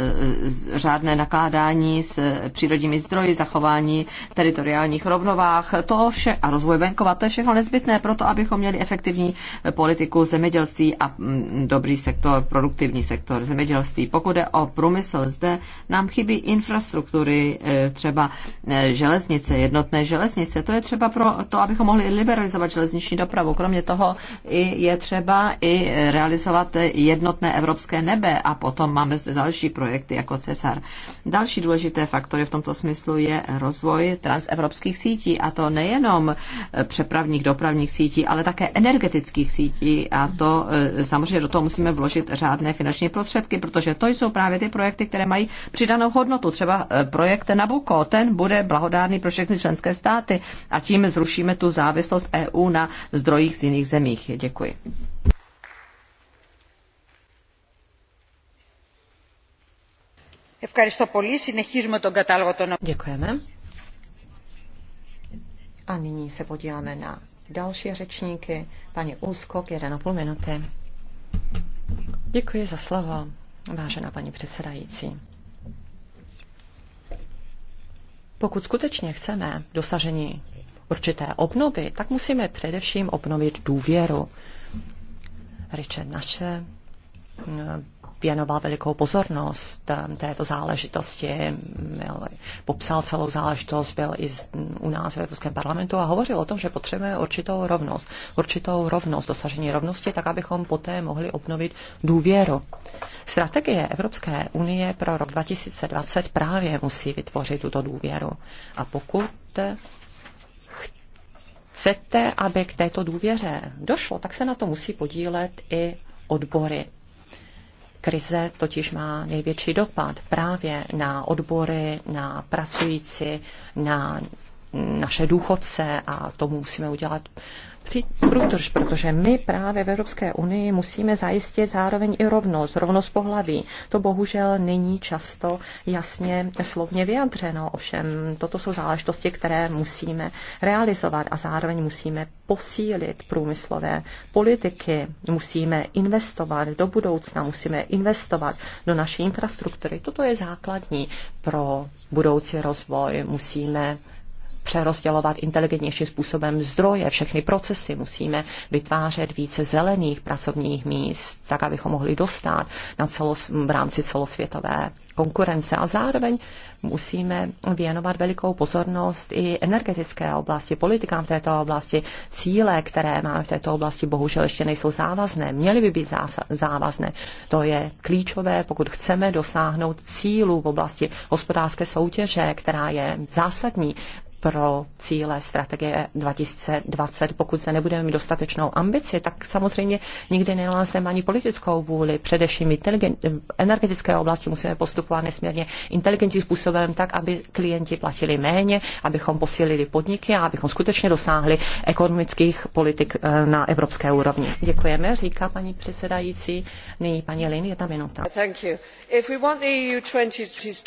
řádné nakládání s přírodními zdroji zdroji, zachování teritoriálních rovnovách, to vše a rozvoj venkova, to je všechno nezbytné pro to, abychom měli efektivní politiku zemědělství a mm, dobrý sektor, produktivní sektor zemědělství. Pokud je o průmysl, zde nám chybí infrastruktury, e, třeba e, železnice, jednotné železnice. To je třeba pro to, abychom mohli liberalizovat železniční dopravu. Kromě toho je třeba i realizovat jednotné evropské nebe a potom máme zde další projekty jako Cesar. Další důležité faktory v tomto smyslu úmyslu je rozvoj transevropských sítí, a to nejenom e, přepravních dopravních sítí, ale také energetických sítí. A to e, samozřejmě do toho musíme vložit řádné finanční prostředky, protože to jsou právě ty projekty, které mají přidanou hodnotu. Třeba e, projekt Nabucco, ten bude blahodárný pro všechny členské státy a tím zrušíme tu závislost EU na zdrojích z jiných zemích. Děkuji. Děkujeme. A nyní se podíváme na další řečníky. Paní Úskok, 1,5 minuty. Děkuji za slovo, vážená paní předsedající. Pokud skutečně chceme dosažení určité obnovy, tak musíme především obnovit důvěru. Richard Naše věnoval velikou pozornost eh, této záležitosti, měl, popsal celou záležitost, byl i z, u nás v Evropském parlamentu a hovořil o tom, že potřebujeme určitou rovnost, určitou rovnost, dosažení rovnosti, tak abychom poté mohli obnovit důvěru. Strategie Evropské unie pro rok 2020 právě musí vytvořit tuto důvěru. A pokud chcete, aby k této důvěře došlo, tak se na to musí podílet i odbory. Krize totiž má největší dopad právě na odbory, na pracující, na naše důchodce a tomu musíme udělat průtrž, protože my právě v Evropské unii musíme zajistit zároveň i rovnost, rovnost pohlaví. To bohužel není často jasně slovně vyjadřeno, ovšem toto jsou záležitosti, které musíme realizovat a zároveň musíme posílit průmyslové politiky, musíme investovat do budoucna, musíme investovat do naší infrastruktury. Toto je základní pro budoucí rozvoj. Musíme přerozdělovat inteligentnějším způsobem zdroje, všechny procesy. Musíme vytvářet více zelených pracovních míst, tak abychom mohli dostat na celos, v rámci celosvětové konkurence. A zároveň musíme věnovat velikou pozornost i energetické oblasti, politikám v této oblasti. Cíle, které máme v této oblasti, bohužel ještě nejsou závazné. Měly by být závazné. To je klíčové, pokud chceme dosáhnout cílů v oblasti hospodářské soutěže, která je zásadní pro cíle strategie 2020. Pokud se nebudeme mít dostatečnou ambici, tak samozřejmě nikdy nenalazneme ani politickou vůli. Především v energetické oblasti musíme postupovat nesmírně inteligentním způsobem, tak aby klienti platili méně, abychom posílili podniky a abychom skutečně dosáhli ekonomických politik e, na evropské úrovni. Děkujeme, říká paní předsedající. Nyní paní Lin, jedna minuta. E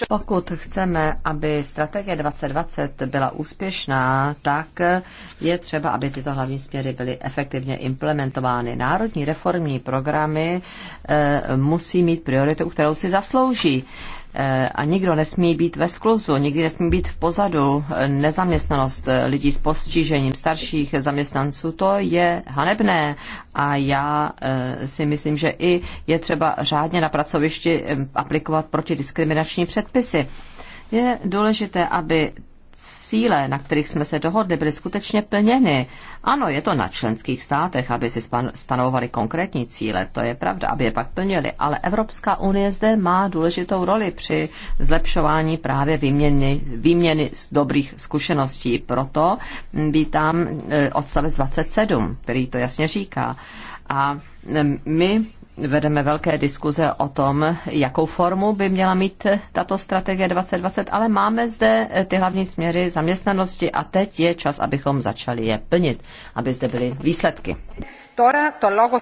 Pokud chceme, aby strategie 2020 byla úspěšná, tak je třeba, aby tyto hlavní směry byly efektivně implementovány. Národní reformní programy eh, musí mít prioritu, kterou si zaslouží eh, a nikdo nesmí být ve skluzu, nikdy nesmí být v pozadu. Nezaměstnanost lidí s postižením starších zaměstnanců, to je hanebné a já eh, si myslím, že i je třeba řádně na pracovišti aplikovat protidiskriminační předpisy. Je důležité, aby cíle, na kterých jsme se dohodli, byly skutečně plněny. Ano, je to na členských státech, aby si stanovovali konkrétní cíle, to je pravda, aby je pak plnili, ale Evropská unie zde má důležitou roli při zlepšování právě výměny, výměny z dobrých zkušeností. Proto vítám eh, odstavec 27, který to jasně říká. A mm, my vedeme velké diskuze o tom, jakou formu by měla mít tato strategie 2020, ale máme zde ty hlavní směry zaměstnanosti a teď je čas, abychom začali je plnit, aby zde byly výsledky.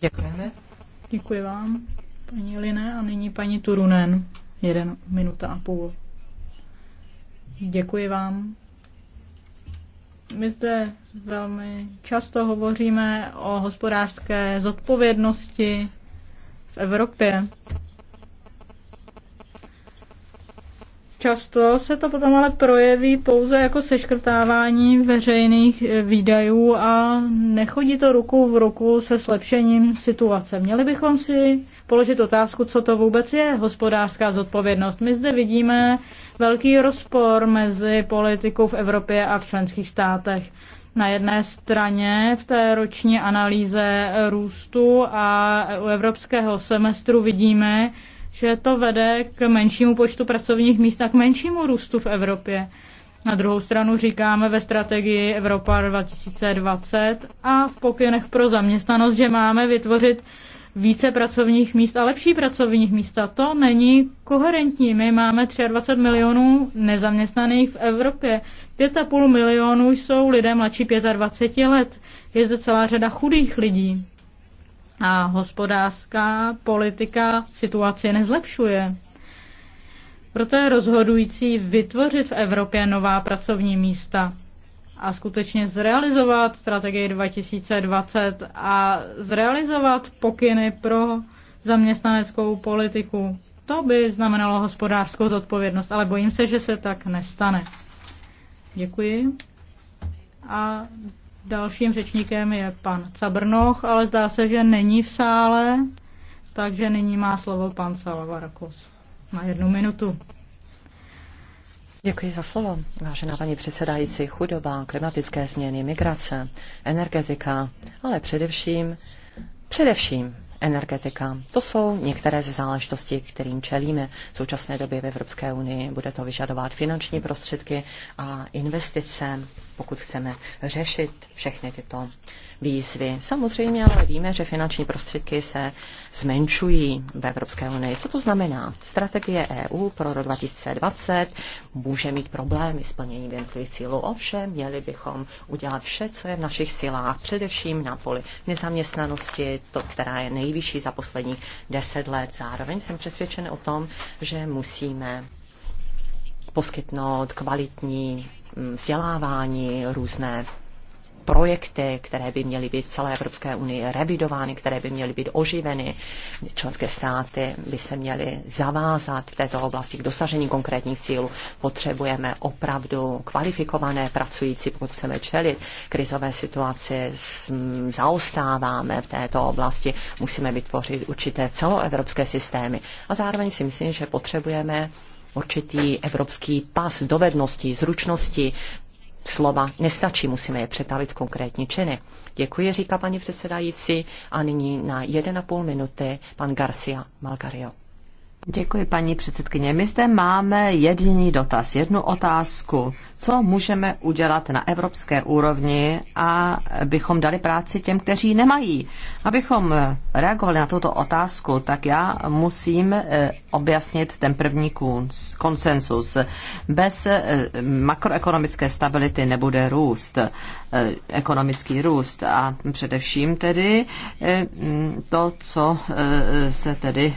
Děkujeme. Děkuji vám, paní Liné, a nyní paní Turunen. Jeden minuta a půl. Děkuji vám. My zde velmi často hovoříme o hospodářské zodpovědnosti v Evropě. Často se to potom ale projeví pouze jako seškrtávání veřejných eh, výdajů a nechodí to ruku v ruku se zlepšením situace. Měli bychom si položit otázku, co to vůbec je hospodářská zodpovědnost. My zde vidíme velký rozpor mezi politikou v Evropě a v členských státech na jedné straně v té roční analýze růstu a u evropského semestru vidíme, že to vede k menšímu počtu pracovních míst a k menšímu růstu v Evropě. Na druhou stranu říkáme ve strategii Evropa 2020 a v pokynech pro zaměstnanost, že máme vytvořit více pracovních míst a lepší pracovních místa. To není koherentní. My máme 23 milionů nezaměstnaných v Evropě. 5,5 milionů jsou lidé mladší 25 let. Je zde celá řada chudých lidí. A hospodářská politika situaci nezlepšuje. Proto je rozhodující vytvořit v Evropě nová pracovní místa a skutečně zrealizovat strategii 2020 a zrealizovat pokyny pro zaměstnaneckou politiku. To by znamenalo hospodářskou zodpovědnost, ale bojím se, že se tak nestane. Děkuji. A dalším řečníkem je pan Cabrnoch, ale zdá se, že není v sále, takže nyní má slovo pan Salavarkos na jednu minutu. Děkuji za slovo, vážená paní předsedající. Chudoba, klimatické změny, migrace, energetika, ale především, především energetika. To jsou některé ze záležitostí, kterým čelíme v současné době v Evropské unii. Bude to vyžadovat finanční prostředky a investice, pokud chceme řešit všechny tyto výzvy. Samozřejmě ale víme, že finanční prostředky se zmenšují v Evropské unii. Co to znamená? Strategie EU pro rok 2020 může mít problémy s plněním jednotlivých cílů. Ovšem, měli bychom udělat vše, co je v našich silách, především na poli nezaměstnanosti, to, která je nejvyšší za posledních deset let. Zároveň jsem přesvědčen o tom, že musíme poskytnout kvalitní mm, vzdělávání, různé projekty, které by měly být v celé Evropské unii revidovány, které by měly být oživeny. Členské státy by se měly zavázat v této oblasti k dosažení konkrétních cílů. Potřebujeme opravdu kvalifikované pracující, pokud chceme čelit krizové situaci, zaostáváme v této oblasti, musíme vytvořit určité celoevropské systémy. A zároveň si myslím, že potřebujeme určitý evropský pas dovedností, zručností, slova nestačí, musíme je přetavit konkrétní činy. Děkuji, říká paní předsedající. A nyní na 1,5 minuty pan Garcia Malgario. Děkuji, paní předsedkyně. My zde máme jediný dotaz, jednu otázku. Co můžeme udělat na evropské úrovni, abychom dali práci těm, kteří nemají? Abychom eh, reagovali na tuto otázku, tak já musím eh, objasnit ten první konsensus. Bez eh, makroekonomické stability nebude růst. Eh, ekonomický růst a především tedy eh, mm, to, co eh, se tedy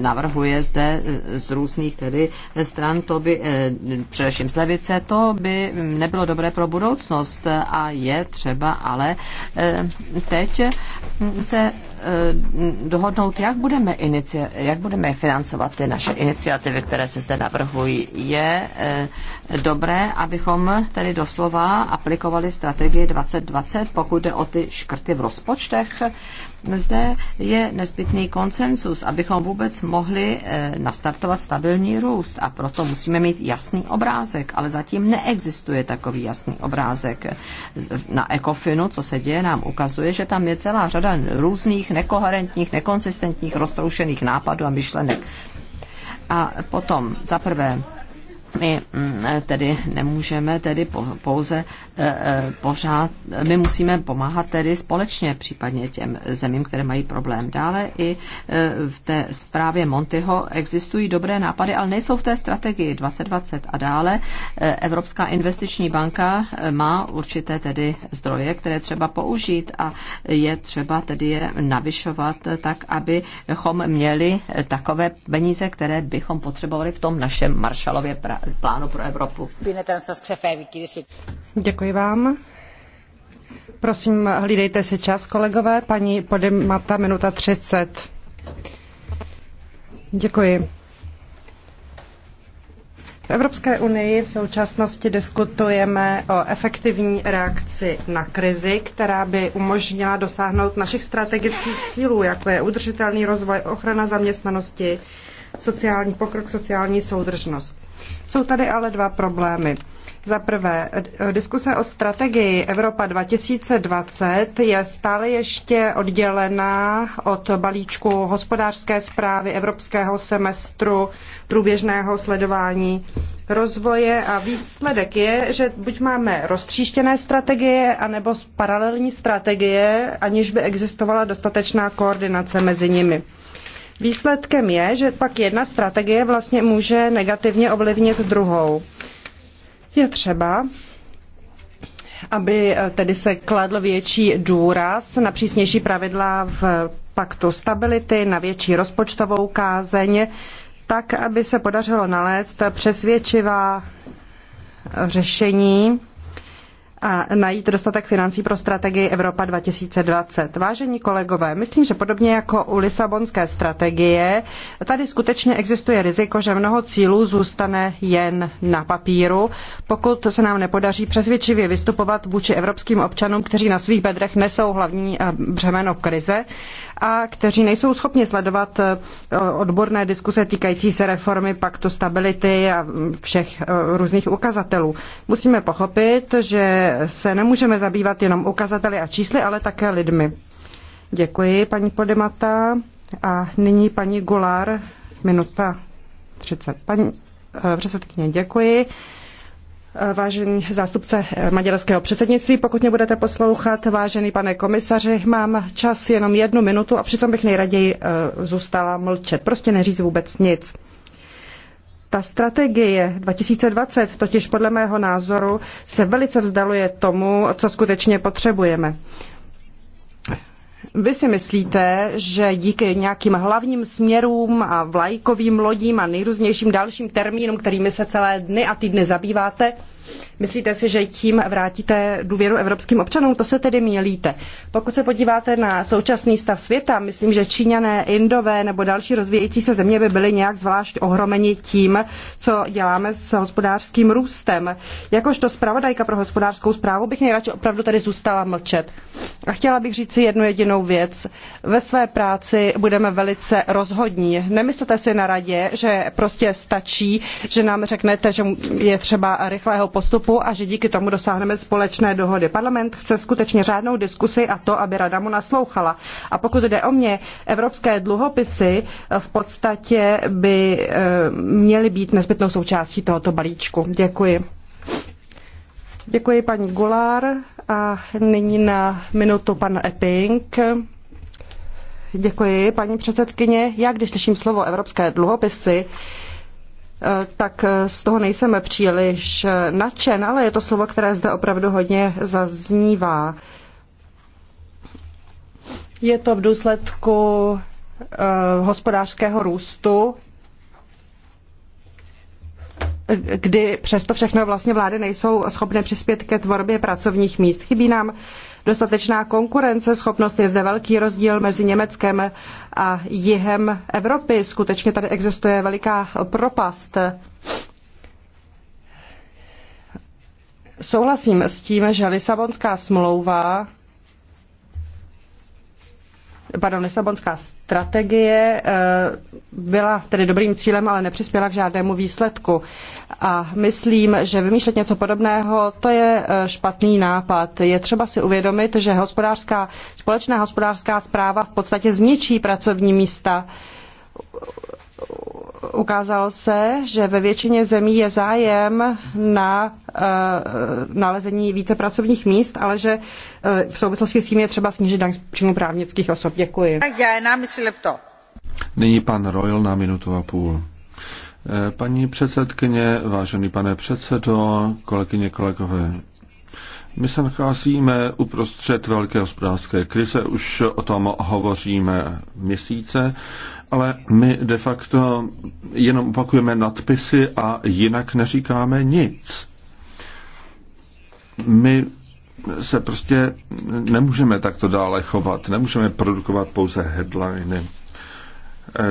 navrhuje zde z různých tedy stran, to by především z levice, to by nebylo dobré pro budoucnost a je třeba ale teď se dohodnout, jak budeme, inici- jak budeme financovat ty naše iniciativy, které se zde navrhují. Je dobré, abychom tedy doslova aplikovali strategii 2020, pokud jde o ty škrty v rozpočtech. Zde je nezbytný konsensus, abychom vůbec mohli eh, nastartovat stabilní růst a proto musíme mít jasný obrázek, ale zatím neexistuje takový jasný obrázek. Na ECOFINu, co se děje, nám ukazuje, že tam je celá řada různých nekoherentních, nekonsistentních, roztroušených nápadů a myšlenek. A potom, za prvé, my mm, tedy nemůžeme tedy pouze e, e, pořád, my musíme pomáhat tedy společně případně těm zemím, které mají problém. Dále i e, v té zprávě Montyho existují dobré nápady, ale nejsou v té strategii 2020 a dále. Evropská investiční banka má určité tedy zdroje, které třeba použít a je třeba tedy je navyšovat tak, abychom měli takové peníze, které bychom potřebovali v tom našem Marshallově plánu pro Evropu. Děkuji vám. Prosím, hlídejte si čas, kolegové. Paní Podimata, minuta 30. Děkuji. V Evropské unii v současnosti diskutujeme o efektivní reakci na krizi, která by umožnila dosáhnout našich strategických cílů, jako je udržitelný rozvoj, ochrana zaměstnanosti, sociální pokrok, sociální soudržnost. Jsou tady ale dva problémy. Za prvé, diskuse o strategii Evropa 2020 je stále ještě oddělená od balíčku hospodářské zprávy, evropského semestru, průběžného sledování rozvoje a výsledek je, že buď máme roztříštěné strategie, anebo paralelní strategie, aniž by existovala dostatečná koordinace mezi nimi. Výsledkem je, že pak jedna strategie vlastně může negativně ovlivnit druhou. Je třeba, aby eh, tedy se kladl větší důraz na přísnější pravidla v paktu stability, na větší rozpočtovou kázeň, tak, aby se podařilo nalézt přesvědčivá řešení a najít dostatek financí pro strategii Evropa 2020. Vážení kolegové, myslím, že podobně jako u Lisabonské strategie, tady skutečně existuje riziko, že mnoho cílů zůstane jen na papíru, pokud se nám nepodaří přesvědčivě vystupovat vůči evropským občanům, kteří na svých bedrech nesou hlavní eh, břemeno krize a kteří nejsou schopni sledovat eh, odborné diskuse týkající se reformy paktu stability a mm, všech eh, různých ukazatelů. Musíme pochopit, že se nemůžeme zabývat jenom ukazateli a čísly, ale také lidmi. Děkuji, paní Podemata. A nyní paní Golár, minuta 30. Paní eh, předsedkyně, děkuji. Eh, vážený zástupce eh, maďarského předsednictví, pokud mě budete poslouchat, vážený pane komisaři, mám čas jenom jednu minutu a přitom bych nejraději zůstala mlčet, prostě neříct vůbec nic. Ta strategie 2020 totiž podle mého názoru se velice vzdaluje tomu, co skutečně potřebujeme. Vy si myslíte, že díky nějakým hlavním směrům a vlajkovým lodím a nejrůznějším dalším termínům, kterými se celé dny a týdny zabýváte, Myslíte si, že tím vrátíte důvěru evropským občanům? To se tedy mílíte. Pokud se podíváte na současný stav světa, myslím, že Číňané, Indové nebo další rozvíjející se země by byly nějak zvlášť ohromeni tím, co děláme s hospodářským růstem. Jakožto zpravodajka pro hospodářskou zprávu bych nejradši opravdu tady zůstala mlčet. A chtěla bych říct si jednu jedinou věc. Ve své práci budeme velice rozhodní. Nemyslete si na radě, že prostě stačí, že nám řeknete, že je třeba rychlého postupu a že díky tomu dosáhneme společné dohody. Parlament chce skutečně řádnou diskusi a to, aby rada mu naslouchala. A pokud jde o mě, evropské dluhopisy v podstatě by eh, měly být nezbytnou součástí tohoto balíčku. Děkuji. Děkuji paní Gulár a nyní na minutu pan Epping. Děkuji, paní předsedkyně. Já, když slyším slovo evropské dluhopisy, Eh, tak eh, z toho nejsem příliš eh, nadšen, ale je to slovo, které zde opravdu hodně zaznívá. Je to v důsledku hospodářského růstu kdy přesto všechno vlastně vlády nejsou schopné přispět ke tvorbě pracovních míst. Chybí nám dostatečná konkurence, schopnost je zde velký rozdíl mezi Německem a jihem Evropy. Skutečně tady existuje veliká propast. Souhlasím s tím, že Lisabonská smlouva pardon, Lisabonská strategie eh, byla tedy dobrým cílem, ale nepřispěla k žádnému výsledku. A myslím, že vymýšlet něco podobného, to je eh, špatný nápad. Je třeba si uvědomit, že hospodářská, společná hospodářská zpráva v podstatě zničí pracovní místa ukázalo se, že ve většině zemí je zájem na eh, nalezení více pracovních míst, ale že eh, v souvislosti s tím je třeba snížit daň z příjmu právnických osob. Děkuji. Já to. Nyní pan Royal na minutu a půl. Eh, paní předsedkyně, vážený pane předsedo, kolegyně, kolegové, my se nacházíme uprostřed velké hospodářské krize, už o tom hovoříme měsíce ale my de facto jenom opakujeme nadpisy a jinak neříkáme nic. My se prostě nemůžeme takto dále chovat, nemůžeme produkovat pouze headliny.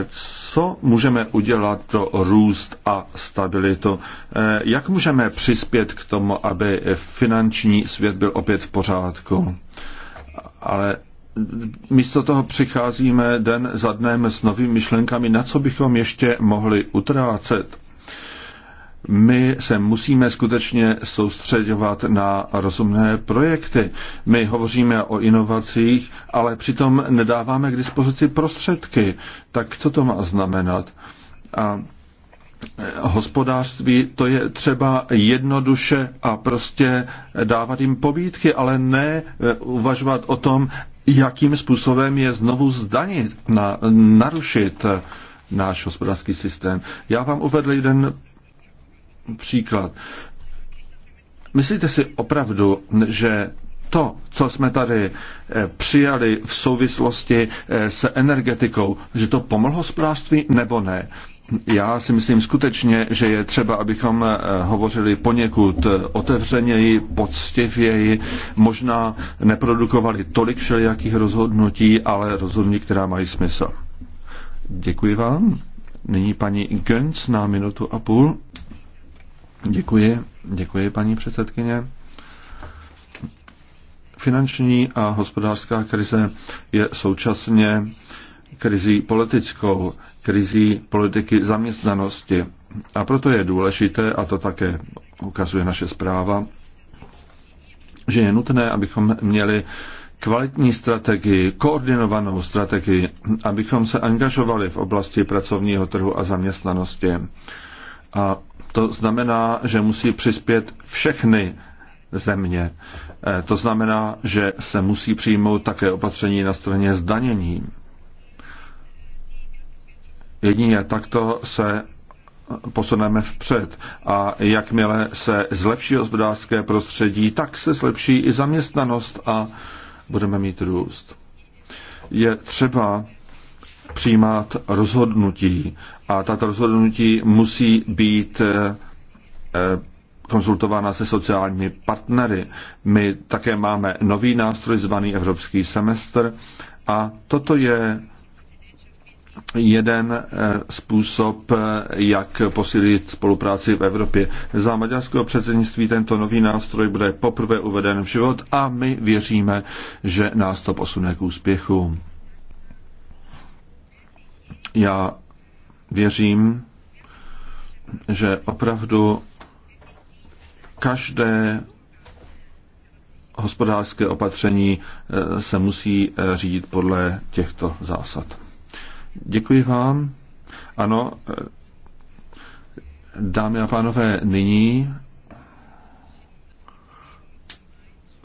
Co můžeme udělat pro růst a stabilitu? Jak můžeme přispět k tomu, aby finanční svět byl opět v pořádku? Ale místo toho přicházíme den za dnem s novými myšlenkami, na co bychom ještě mohli utrácet. My se musíme skutečně soustředovat na rozumné projekty. My hovoříme o inovacích, ale přitom nedáváme k dispozici prostředky. Tak co to má znamenat? A e, hospodářství, to je třeba jednoduše a prostě dávat jim pobídky, ale ne e, uvažovat o tom, jakým způsobem je znovu zdanit, na, narušit náš hospodářský systém. Já vám uvedl jeden příklad. Myslíte si opravdu, že to, co jsme tady eh, přijali v souvislosti eh, s energetikou, že to pomohlo hospodářství nebo ne? já si myslím skutečně, že je třeba, abychom eh, hovořili poněkud eh, otevřeněji, poctivěji, možná neprodukovali tolik všelijakých rozhodnutí, ale rozhodnutí, která mají smysl. Děkuji vám. Nyní paní Gönc na minutu a půl. Děkuji, děkuji paní předsedkyně. Finanční a hospodářská krize je současně krizí politickou krizí politiky zaměstnanosti. A proto je důležité, a to také ukazuje naše zpráva, že je nutné, abychom měli kvalitní strategii, koordinovanou strategii, abychom se angažovali v oblasti pracovního trhu a zaměstnanosti. A to znamená, že musí přispět všechny země. E, to znamená, že se musí přijmout také opatření na straně zdanění. Jedině takto se posuneme vpřed. A jakmile se zlepší hospodářské prostředí, tak se zlepší i zaměstnanost a budeme mít růst. Je třeba přijímat rozhodnutí a tato rozhodnutí musí být eh, konzultována se sociálními partnery. My také máme nový nástroj zvaný Evropský semestr a toto je jeden eh, způsob, eh, jak posílit spolupráci v Evropě. Za maďarského předsednictví tento nový nástroj bude poprvé uveden v život a my věříme, že nás to posune k úspěchu. Já věřím, že opravdu každé hospodářské opatření eh, se musí řídit podle těchto zásad. Děkuji vám. Ano, eh, dámy a pánové, nyní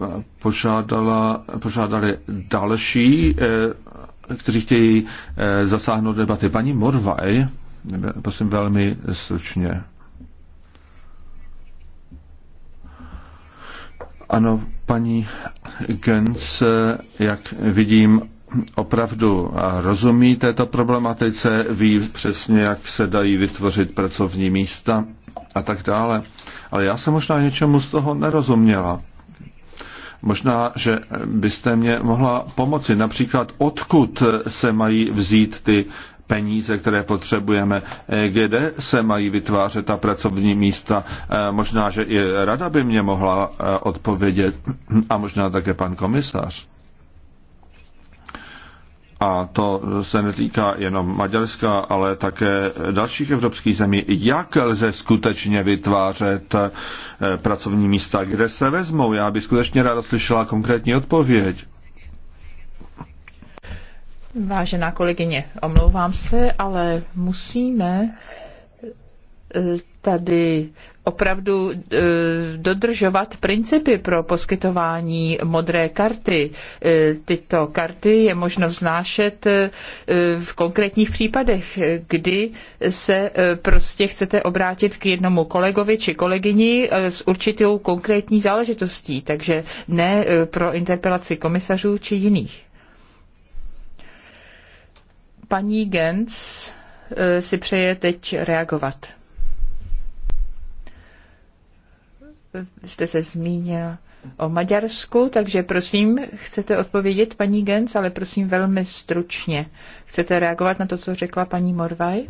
eh, požádala, požádali další, eh, kteří chtějí zasáhnout debaty. Paní Morvaj, prosím velmi stručně. Ano, paní Gens, jak vidím, opravdu rozumí této problematice, ví přesně, jak se dají vytvořit pracovní místa a tak dále. Ale já jsem možná něčemu z toho nerozuměla. Možná, že byste mě mohla pomoci, například odkud se mají vzít ty peníze, které potřebujeme, kde se mají vytvářet ta pracovní místa. Možná, že i rada by mě mohla eh, odpovědět a možná také pan komisař a to se netýká jenom Maďarska, ale také dalších evropských zemí, jak lze skutečně vytvářet eh, pracovní místa, kde se vezmou. Já bych skutečně ráda slyšela konkrétní odpověď. Vážená kolegyně, omlouvám se, ale musíme eh, tady opravdu e, dodržovat principy pro poskytování modré karty. E, tyto karty je možno vznášet e, v konkrétních případech, kdy se prostě chcete obrátit k jednomu kolegovi či kolegyni s určitou konkrétní záležitostí, takže ne pro interpelaci komisařů či jiných. Paní Gens si přeje teď reagovat. jste se zmínil o Maďarsku, takže prosím, chcete odpovědět paní Gens, ale prosím velmi stručně. Chcete reagovat na to, co řekla paní Morvaj?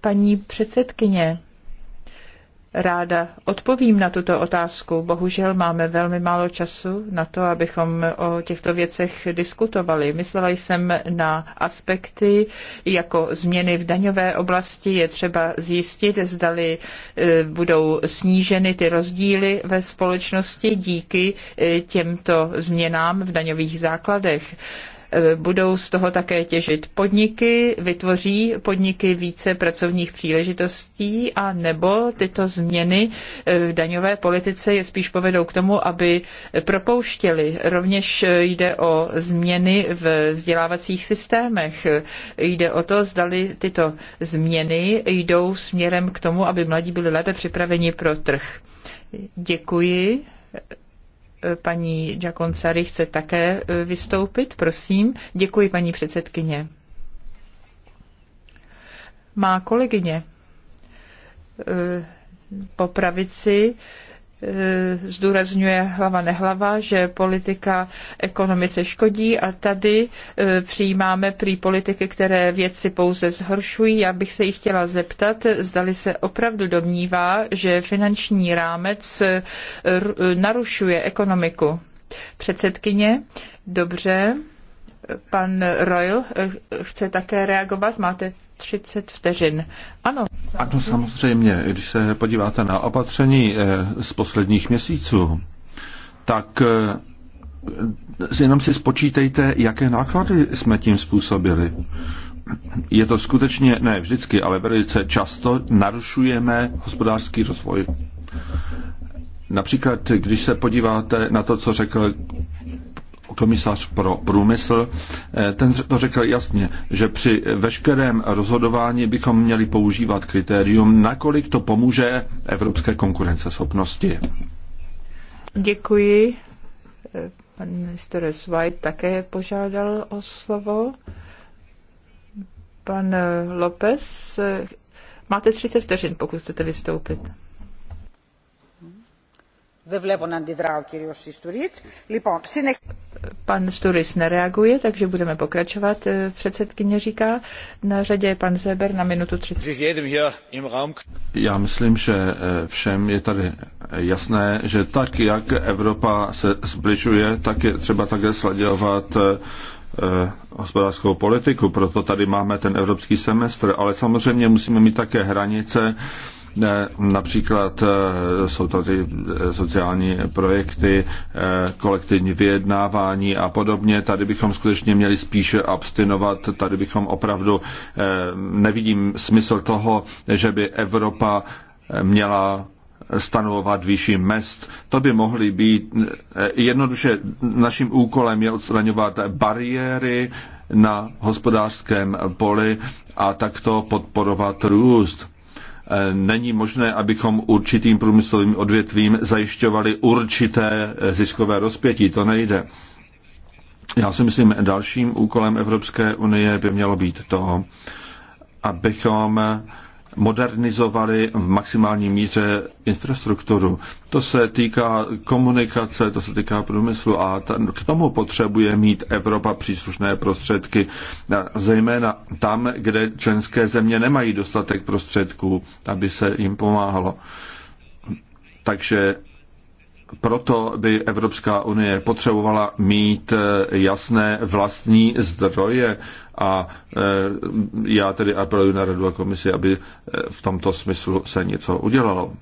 Paní předsedkyně, Ráda odpovím na tuto otázku. Bohužel máme velmi málo času na to, abychom o těchto věcech diskutovali. Myslela jsem na aspekty, jako změny v daňové oblasti. Je třeba zjistit, zdali e, budou sníženy ty rozdíly ve společnosti díky e, těmto změnám v daňových základech Eh, budou z toho také těžit podniky, vytvoří podniky více pracovních příležitostí a nebo tyto změny eh, v daňové politice je spíš povedou k tomu, aby propouštěli. Rovněž eh, jde o změny v vzdělávacích systémech. Jde o to, zdali tyto změny jdou směrem k tomu, aby mladí byli lépe připraveni pro trh. Děkuji. Eh, paní Giaconcari chce také eh, vystoupit, prosím. Děkuji, paní předsedkyně. Má kolegyně eh, po pravici Eh, zdůrazňuje hlava nehlava, že politika ekonomice škodí a tady eh, přijímáme prý politiky, které věci pouze zhoršují. Já bych se jich chtěla zeptat, zdali se opravdu domnívá, že finanční rámec eh, narušuje ekonomiku. Předsedkyně, dobře. Pan Royal chce také reagovat. Máte 30 vteřin. Ano. Ano, samozřejmě. Když se podíváte na opatření eh, z posledních měsíců, tak eh, jenom si spočítejte, jaké náklady jsme tím způsobili. Je to skutečně, ne vždycky, ale velice často narušujeme hospodářský rozvoj. Například, když se podíváte na to, co řekl komisař pro průmysl, eh, ten to řekl jasně, že při veškerém rozhodování bychom měli používat kritérium, nakolik to pomůže evropské konkurenceschopnosti. Děkuji. Pan minister Svajt také požádal o slovo. Pan López, eh, máte 30 vteřin, pokud chcete vystoupit. Pan Sturis nereaguje, takže budeme pokračovat. Eh, předsedkyně říká, na řadě je pan Zeber na minutu 30. Já myslím, že eh, všem je tady eh, jasné, že tak, jak Evropa se zbližuje, tak je třeba také sledovat hospodářskou politiku, proto tady máme ten evropský semestr, ale samozřejmě musíme mít také hranice, Například eh, jsou to ty eh, sociální projekty, eh, kolektivní vyjednávání a podobně. Tady bychom skutečně měli spíše abstinovat. Tady bychom opravdu nevidím smysl toho, že by Evropa měla stanovovat výši mest. To by mohly být jednoduše naším úkolem je odstraňovat bariéry na hospodářském poli a takto podporovat růst. Eh, není možné, abychom určitým průmyslovým odvětvím zajišťovali určité eh, ziskové rozpětí. To nejde. Já si myslím, dalším úkolem Evropské unie by mělo být to, abychom eh, modernizovali v maximální míře infrastrukturu. To se týká komunikace, to se týká průmyslu a k tomu potřebuje mít Evropa příslušné prostředky, zejména tam, kde členské země nemají dostatek prostředků, aby se jim pomáhalo. Takže proto by Evropská unie potřebovala mít eh, jasné vlastní zdroje a e, já tedy apeluji na radu a komisi, aby e, v tomto smyslu se něco udělalo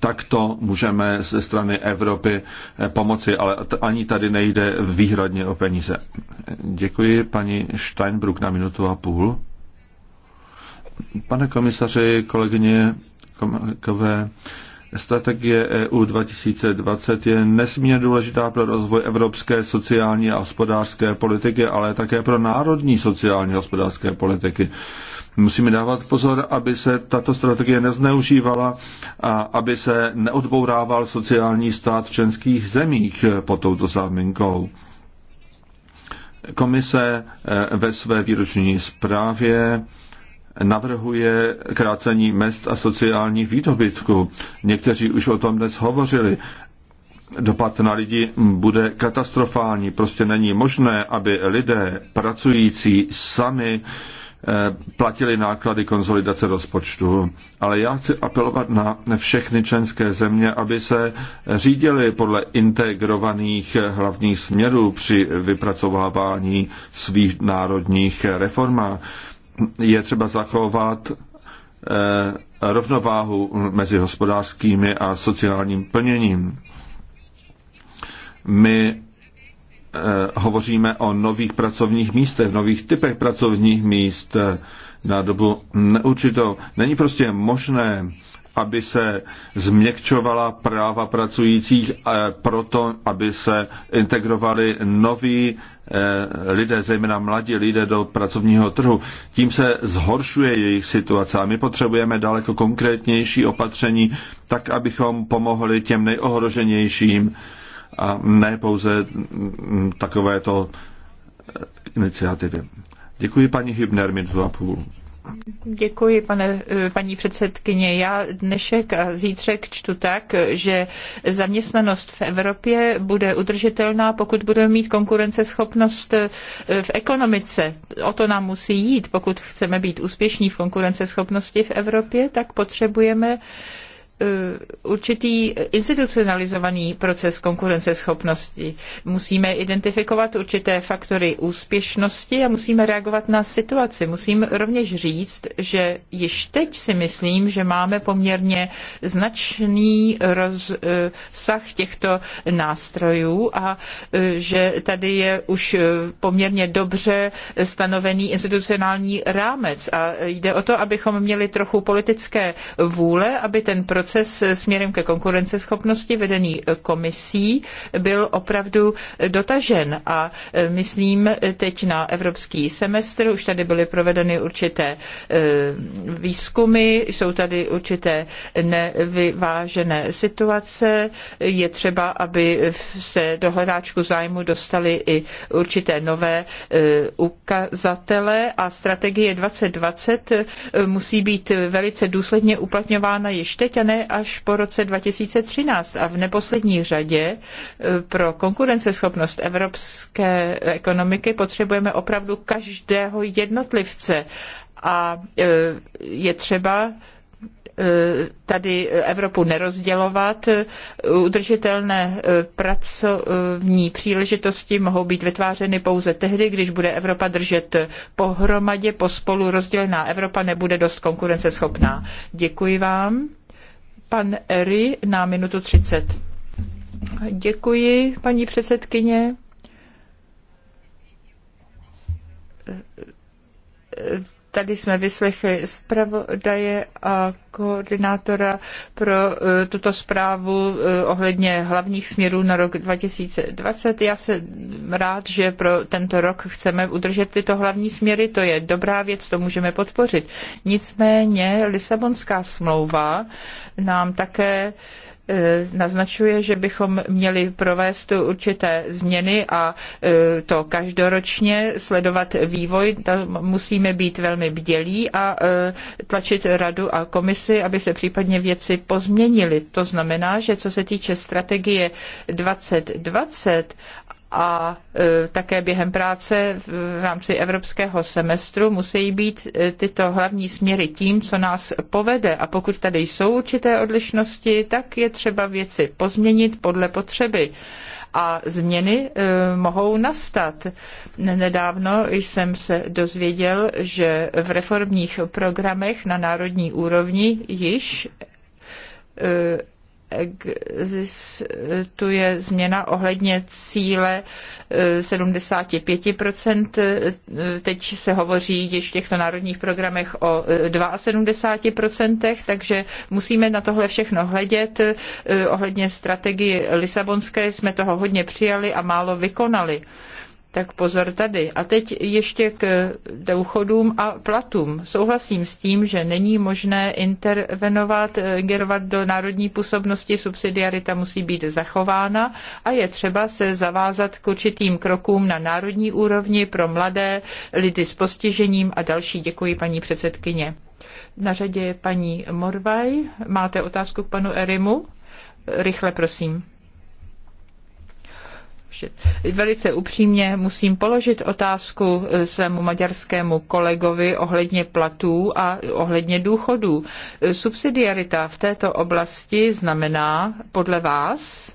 takto můžeme ze strany Evropy e, pomoci, ale ani tady nejde výhradně o peníze. Děkuji paní Steinbrück na minutu a půl. Pane komisaři, kolegyně, kolegové, Strategie EU 2020 je nesmírně důležitá pro rozvoj evropské sociální a hospodářské politiky, ale také pro národní sociální a hospodářské politiky. Musíme dávat pozor, aby se tato strategie nezneužívala a aby se neodbourával sociální stát v členských zemích pod touto záminkou. Komise eh, ve své výroční zprávě navrhuje krácení mest a sociálních výdobytků. Někteří už o tom dnes hovořili. Dopad na lidi bude katastrofální. Prostě není možné, aby lidé pracující sami eh, platili náklady konsolidace rozpočtu. Ale já chci apelovat na všechny členské země, aby se řídili podle integrovaných hlavních směrů při vypracovávání svých národních reformách je třeba zachovat eh, rovnováhu mezi hospodářskými a sociálním plněním. My eh, hovoříme o nových pracovních místech, nových typech pracovních míst eh, na dobu neurčitou. Není prostě možné aby se změkčovala práva pracujících proto, aby se integrovali noví eh, lidé, zejména mladí lidé do pracovního trhu. Tím se zhoršuje jejich situace a my potřebujeme daleko konkrétnější opatření, tak abychom pomohli těm nejohroženějším a ne pouze mm, takovéto eh, iniciativy. Děkuji paní Hübner, minutu a půl. Děkuji, pane, eh, paní předsedkyně. Já dnešek a zítřek čtu tak, že zaměstnanost v Evropě bude udržitelná, pokud budeme mít konkurenceschopnost eh, v ekonomice. O to nám musí jít. Pokud chceme být úspěšní v konkurenceschopnosti v Evropě, tak potřebujeme Eh, určitý institucionalizovaný proces konkurenceschopnosti. Musíme identifikovat určité faktory úspěšnosti a musíme reagovat na situaci. Musím rovněž říct, že již teď si myslím, že máme poměrně značný rozsah těchto nástrojů a eh, že tady je už eh, poměrně dobře stanovený institucionální rámec a jde o to, abychom měli trochu politické vůle, aby ten proces proces směrem ke konkurenceschopnosti vedený eh, komisí byl opravdu eh, dotažen a eh, myslím teď na evropský semestr, už tady byly provedeny určité výzkumy, jsou tady určité nevyvážené situace, je třeba, aby se do hledáčku zájmu dostali i určité nové ukazatele a strategie 2020 musí být velice důsledně uplatňována již teď a ne až po roce 2013. A v neposlední řadě e, pro konkurenceschopnost evropské ekonomiky potřebujeme opravdu každého jednotlivce. A e, je třeba e, tady Evropu nerozdělovat. Udržitelné pracovní příležitosti mohou být vytvářeny pouze tehdy, když bude Evropa držet pohromadě, pospolu rozdělená Evropa nebude dost konkurenceschopná. Děkuji vám. Pan Ery na minutu 30. Děkuji, paní předsedkyně Tady jsme vyslechli zpravodaje a koordinátora pro e, tuto zprávu e, ohledně hlavních směrů na rok 2020. Já jsem rád, že pro tento rok chceme udržet tyto hlavní směry. To je dobrá věc, to můžeme podpořit. Nicméně Lisabonská smlouva nám také E, naznačuje, že bychom měli provést určité změny a e, to každoročně sledovat vývoj. Tam musíme být velmi bdělí a e, tlačit radu a komisi, aby se případně věci pozměnily. To znamená, že co se týče strategie 2020 a e, také během práce v rámci evropského semestru musí být e, tyto hlavní směry tím, co nás povede. A pokud tady jsou určité odlišnosti, tak je třeba věci pozměnit podle potřeby a změny e, mohou nastat. Nedávno jsem se dozvěděl, že v reformních programech na národní úrovni již existuje změna ohledně cíle 75%. Eh, eh, teď se hovoří již v těchto národních programech o 72%, eh, takže musíme na tohle všechno hledět. Ohledně strategii Lisabonské jsme toho hodně přijali a málo vykonali. Tak pozor tady. A teď ještě k důchodům a platům. Souhlasím s tím, že není možné intervenovat, eh, gerovat do národní působnosti, subsidiarita musí být zachována a je třeba se zavázat k určitým krokům na národní úrovni pro mladé lidi s postižením a další. Děkuji, paní předsedkyně. Na řadě je paní Morvaj. Máte otázku k panu Erimu? Rychle, prosím. Velice upřímně musím položit otázku eh, svému maďarskému kolegovi ohledně platů a ohledně důchodů. Eh, subsidiarita v této oblasti znamená podle vás,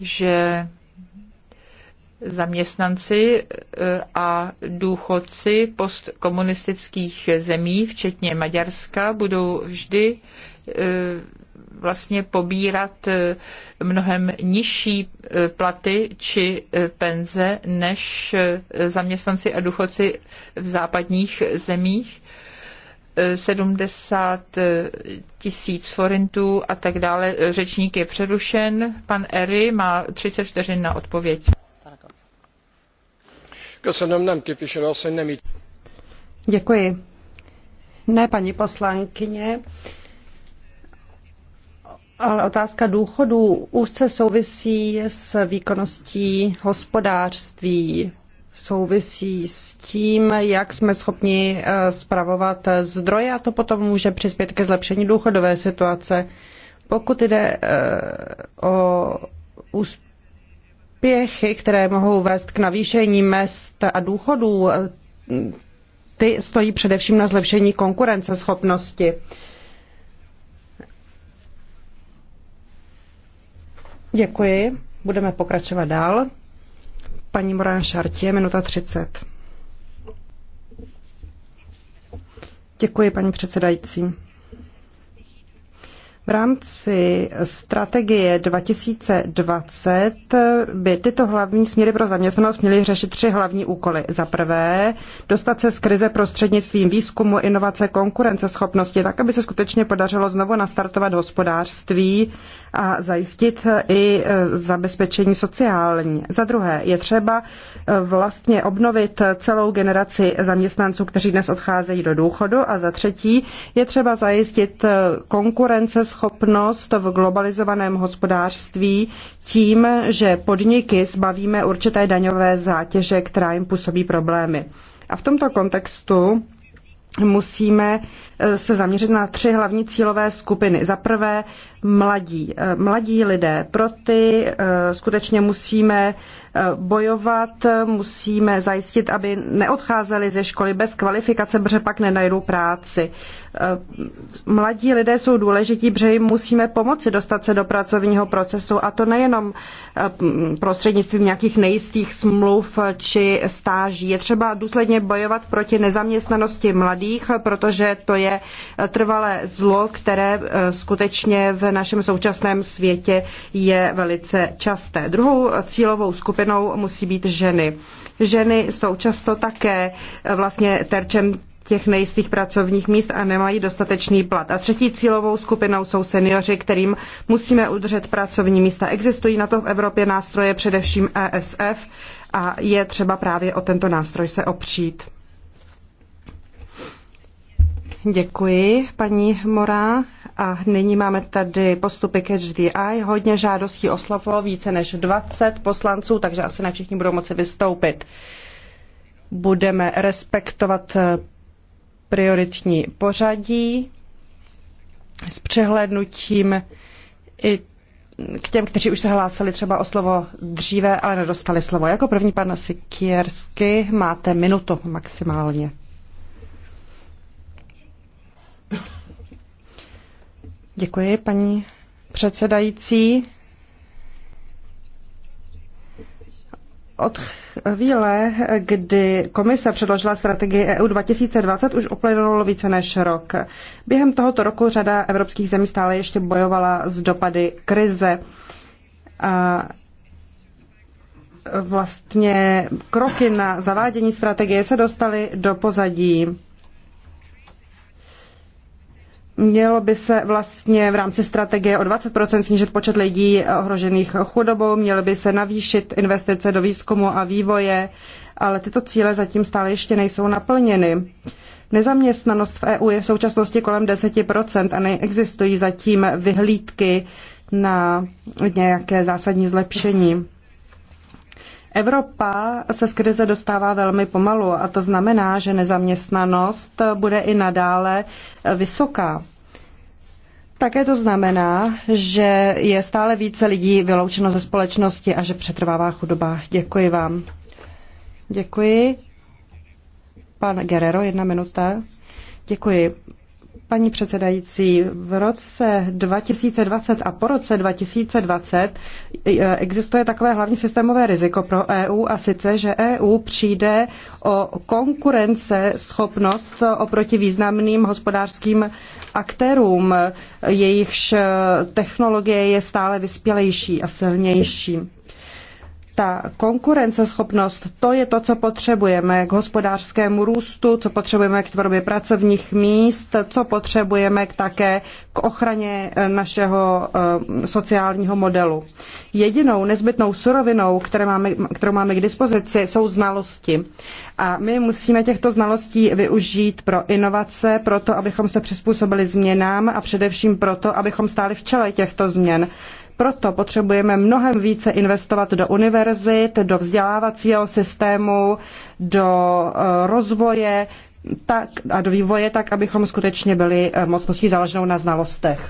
že zaměstnanci eh, a důchodci postkomunistických zemí, včetně Maďarska, budou vždy vlastně pobírat mnohem nižší e, platy či e, penze než e, zaměstnanci a důchodci v západních zemích. 70 tisíc forintů a tak dále. Řečník je přerušen. Pan Ery má 30 vteřin na odpověď. Děkuji. Ne, paní poslankyně, ale otázka důchodů úzce souvisí s výkonností hospodářství, souvisí s tím, jak jsme schopni eh, spravovat zdroje a to potom může přispět ke zlepšení důchodové situace. Pokud jde eh, o úspěchy, které mohou vést k navýšení mest a důchodů, eh, ty stojí především na zlepšení konkurenceschopnosti. schopnosti. Děkuji. Budeme pokračovat dál. Paní Morán Šartě, minuta 30. Děkuji, paní předsedající. V rámci strategie 2020 by tyto hlavní směry pro zaměstnanost měly řešit tři hlavní úkoly. Za prvé, dostat se z krize prostřednictvím výzkumu, inovace, konkurenceschopnosti, tak aby se skutečně podařilo znovu nastartovat hospodářství a zajistit i e, zabezpečení sociální. Za druhé, je třeba e, vlastně obnovit celou generaci zaměstnanců, kteří dnes odcházejí do důchodu. A za třetí, je třeba zajistit e, konkurenceschopnost v globalizovaném hospodářství tím, že podniky zbavíme určité daňové zátěže, která jim působí problémy. A v tomto kontextu musíme se zaměřit na tři hlavní cílové skupiny. Za prvé mladí, eh, mladí lidé. Pro ty eh, skutečně musíme eh, bojovat, musíme zajistit, aby neodcházeli ze školy bez kvalifikace, protože pak nenajdou práci. Mladí lidé jsou důležití, protože jim musíme pomoci dostat se do pracovního procesu a to nejenom prostřednictvím nějakých nejistých smluv či stáží. Je třeba důsledně bojovat proti nezaměstnanosti mladých, protože to je trvalé zlo, které skutečně v v našem současném světě je velice časté. Druhou cílovou skupinou musí být ženy. Ženy jsou často také eh, vlastně terčem těch nejistých pracovních míst a nemají dostatečný plat. A třetí cílovou skupinou jsou seniori, kterým musíme udržet pracovní místa. Existují na to v Evropě nástroje, především ESF, a je třeba právě o tento nástroj se opřít. Děkuji, paní Morá. A nyní máme tady postupy Catch the Eye. Hodně žádostí oslovilo více než 20 poslanců, takže asi ne všichni budou moci vystoupit. Budeme respektovat eh, prioritní pořadí s přehlednutím i k těm, kteří už se hlásili třeba o slovo dříve, ale nedostali slovo. Jako první pan Sikiersky máte minutu maximálně. Děkuji, paní předsedající. Od chvíle, kdy komise předložila strategii EU 2020, už uplynul více než rok. Během tohoto roku řada evropských zemí stále ještě bojovala s dopady krize. A vlastně kroky na zavádění strategie se dostaly do pozadí. Mělo by se vlastně v rámci strategie o 20% snížit počet lidí ohrožených chudobou, měly by se navýšit investice do výzkumu a vývoje, ale tyto cíle zatím stále ještě nejsou naplněny. Nezaměstnanost v EU je v současnosti kolem 10% a neexistují zatím vyhlídky na nějaké zásadní zlepšení. Evropa se z krize dostává velmi pomalu a to znamená, že nezaměstnanost bude i nadále vysoká. Také to znamená, že je stále více lidí vyloučeno ze společnosti a že přetrvává chudoba. Děkuji vám. Děkuji. Pan Guerrero, jedna minuta. Děkuji. Paní předsedající, v roce 2020 a po roce 2020 eh, existuje takové hlavní systémové riziko pro EU a sice, že EU přijde o konkurenceschopnost oproti významným hospodářským aktérům, jejichž technologie je stále vyspělejší a silnější ta konkurenceschopnost, to je to, co potřebujeme k hospodářskému růstu, co potřebujeme k tvorbě pracovních míst, co potřebujeme také k ochraně eh, našeho eh, sociálního modelu. Jedinou nezbytnou surovinou, které máme, kterou máme k dispozici, jsou znalosti. A my musíme těchto znalostí využít pro inovace, pro to, abychom se přizpůsobili změnám a především proto, abychom stáli v čele těchto změn. Proto potřebujeme mnohem více investovat do univerzit, do vzdělávacího systému, do eh, rozvoje tak, a do vývoje tak, abychom skutečně byli eh, mocností založenou na znalostech.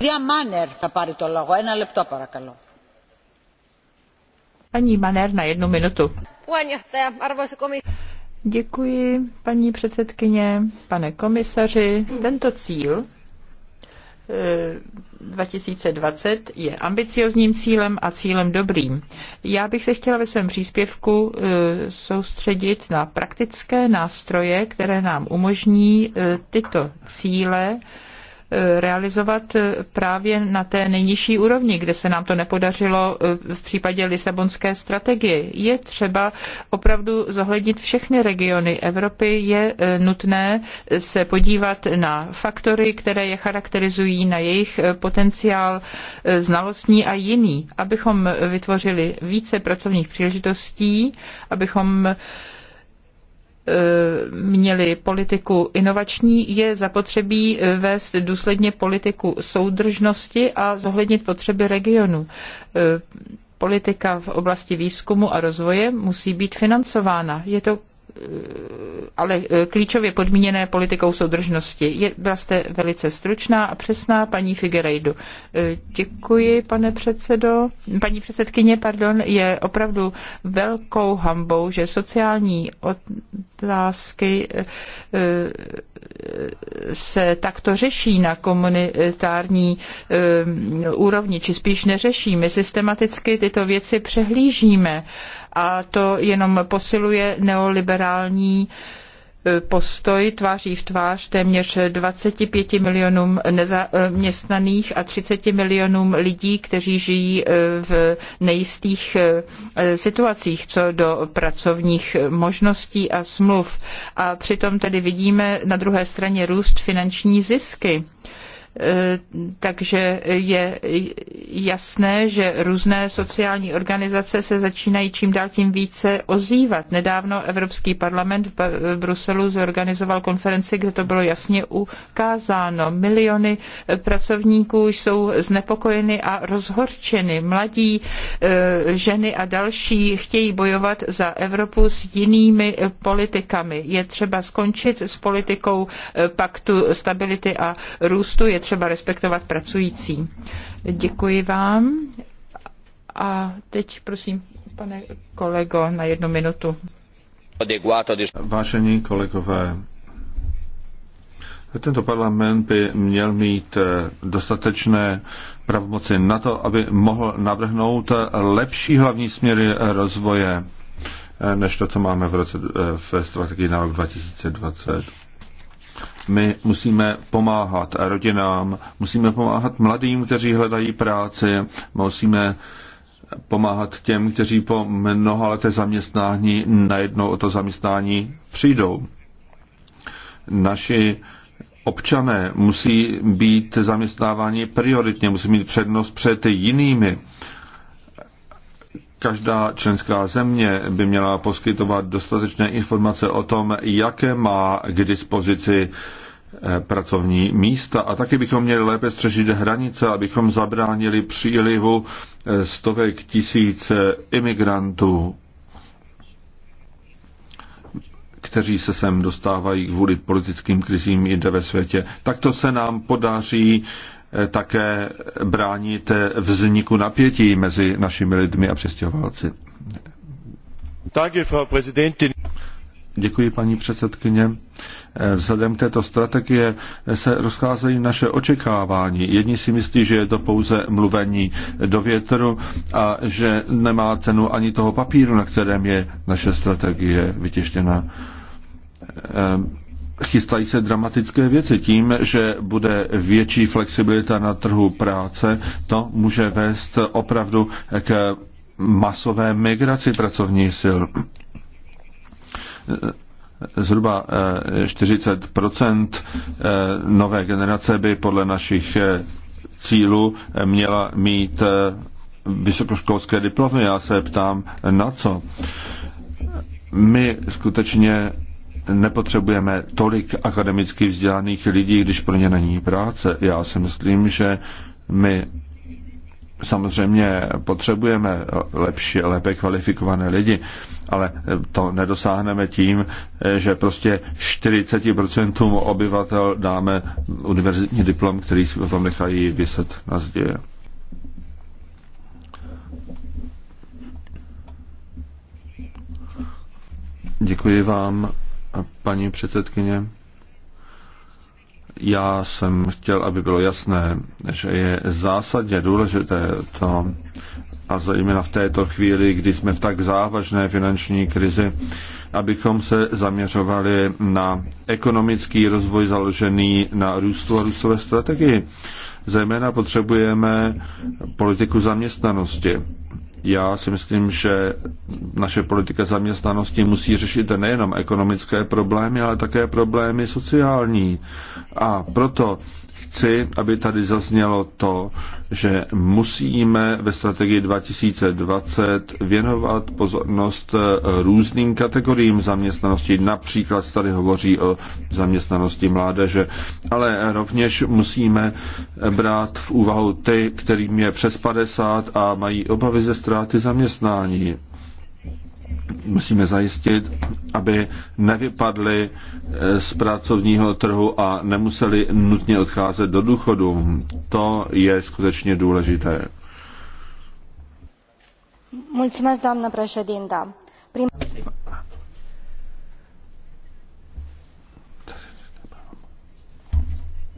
Paní Maner na jednu minutu. Děkuji, paní předsedkyně, pane komisaři. Tento cíl 2020 je ambiciozním cílem a cílem dobrým. Já bych se chtěla ve svém příspěvku eh, soustředit na praktické nástroje, které nám umožní eh, tyto cíle realizovat právě na té nejnižší úrovni, kde se nám to nepodařilo e, v případě Lisabonské strategie. Je třeba opravdu zohlednit všechny regiony Evropy. Je e, nutné se podívat na faktory, které je charakterizují, na jejich e, potenciál znalostní a jiný, abychom vytvořili více pracovních příležitostí, abychom Eh, měli politiku inovační, je zapotřebí eh, vést důsledně politiku soudržnosti a zohlednit potřeby regionu. Eh, politika v oblasti výzkumu a rozvoje musí být financována. Je to Eh, ale eh, klíčově podmíněné politikou soudržnosti. Je, byla jste velice stručná a přesná, paní Figerejdu. Eh, děkuji, pane předsedo. Paní předsedkyně, pardon, je opravdu velkou hambou, že sociální otázky se takto řeší na komunitární eh, úrovni, či spíš neřeší. My systematicky tyto věci přehlížíme a to jenom posiluje neoliberální uh, E, postoj tváří v tvář téměř 25 milionům nezaměstnaných e, a 30 milionům lidí, kteří žijí e, v nejistých situacích co do pracovních možností a smluv. A přitom tedy vidíme na druhé straně růst finanční zisky. Eh, takže je jasné, že různé sociální organizace se začínají čím dál tím více ozývat. Nedávno Evropský parlament v Bruselu zorganizoval konferenci, kde to bylo jasně ukázáno. Miliony eh, pracovníků jsou znepokojeny a rozhorčeny. Mladí eh, ženy a další chtějí bojovat za Evropu s jinými politikami. Je třeba skončit s politikou paktu stability a růstu, je třeba respektovat pracující. Děkuji vám. A teď prosím, pane kolego, na jednu minutu. Vážení kolegové, tento parlament by měl mít eh, dostatečné pravomoci na to, aby mohl navrhnout lepší hlavní směry rozvoje eh, než to, co máme v, roce, eh, v strategii na rok 2020. My musíme pomáhat rodinám, musíme pomáhat mladým, kteří hledají práci, musíme pomáhat těm, kteří po mnoha letech zaměstnání najednou o to zaměstnání přijdou. Naši občané musí být zaměstnáváni prioritně, musí mít přednost před jinými každá členská země by měla poskytovat dostatečné informace o tom, jaké má k dispozici eh, pracovní místa. A taky bychom měli lépe střežit hranice, abychom zabránili přílivu eh, stovek tisíc eh, imigrantů, kteří se sem dostávají kvůli politickým krizím jinde ve světě. Takto se nám podaří Eh, také bránit vzniku napětí mezi našimi lidmi a přistěhovalci. Děkuji, paní předsedkyně. Eh, vzhledem k této strategie se rozcházejí naše očekávání. Jedni si myslí, že je to pouze mluvení do větru a že nemá cenu ani toho papíru, na kterém je naše strategie vytěštěna. Eh, chystají se dramatické věci. Tím, že bude větší flexibilita na trhu práce, to může vést opravdu k masové migraci pracovních sil. Zhruba 40 eh, eh, nové generace by podle našich eh, cílů měla mít vysokoškolské diplomy. Já se ptám, na co? My skutečně nepotřebujeme tolik akademicky vzdělaných lidí, když pro ně není práce. Já si myslím, že my samozřejmě potřebujeme lepší, lépe kvalifikované lidi, ale to nedosáhneme tím, že prostě 40% obyvatel dáme univerzitní diplom, který si potom nechají vyset na zděje. Děkuji vám paní předsedkyně. Já jsem chtěl, aby bylo jasné, že je zásadně důležité to, a zejména v této chvíli, kdy jsme v tak závažné finanční krizi, abychom se zaměřovali na ekonomický rozvoj založený na růstu a růstové strategii. Zejména potřebujeme politiku zaměstnanosti. Já si myslím, že naše politika zaměstnanosti musí řešit nejenom ekonomické problémy, ale také problémy sociální. A proto chci, aby tady zaznělo to, že musíme ve strategii 2020 věnovat pozornost eh, různým kategoriím zaměstnanosti. Například tady hovoří o zaměstnanosti mládeže, ale rovněž musíme brát v úvahu ty, kterým je přes 50 a mají obavy ze ztráty zaměstnání musíme zajistit, aby nevypadli eh, z pracovního trhu a nemuseli nutně odcházet do důchodu. To je skutečně důležité. Mulțumesc, doamnă președintă. Prim...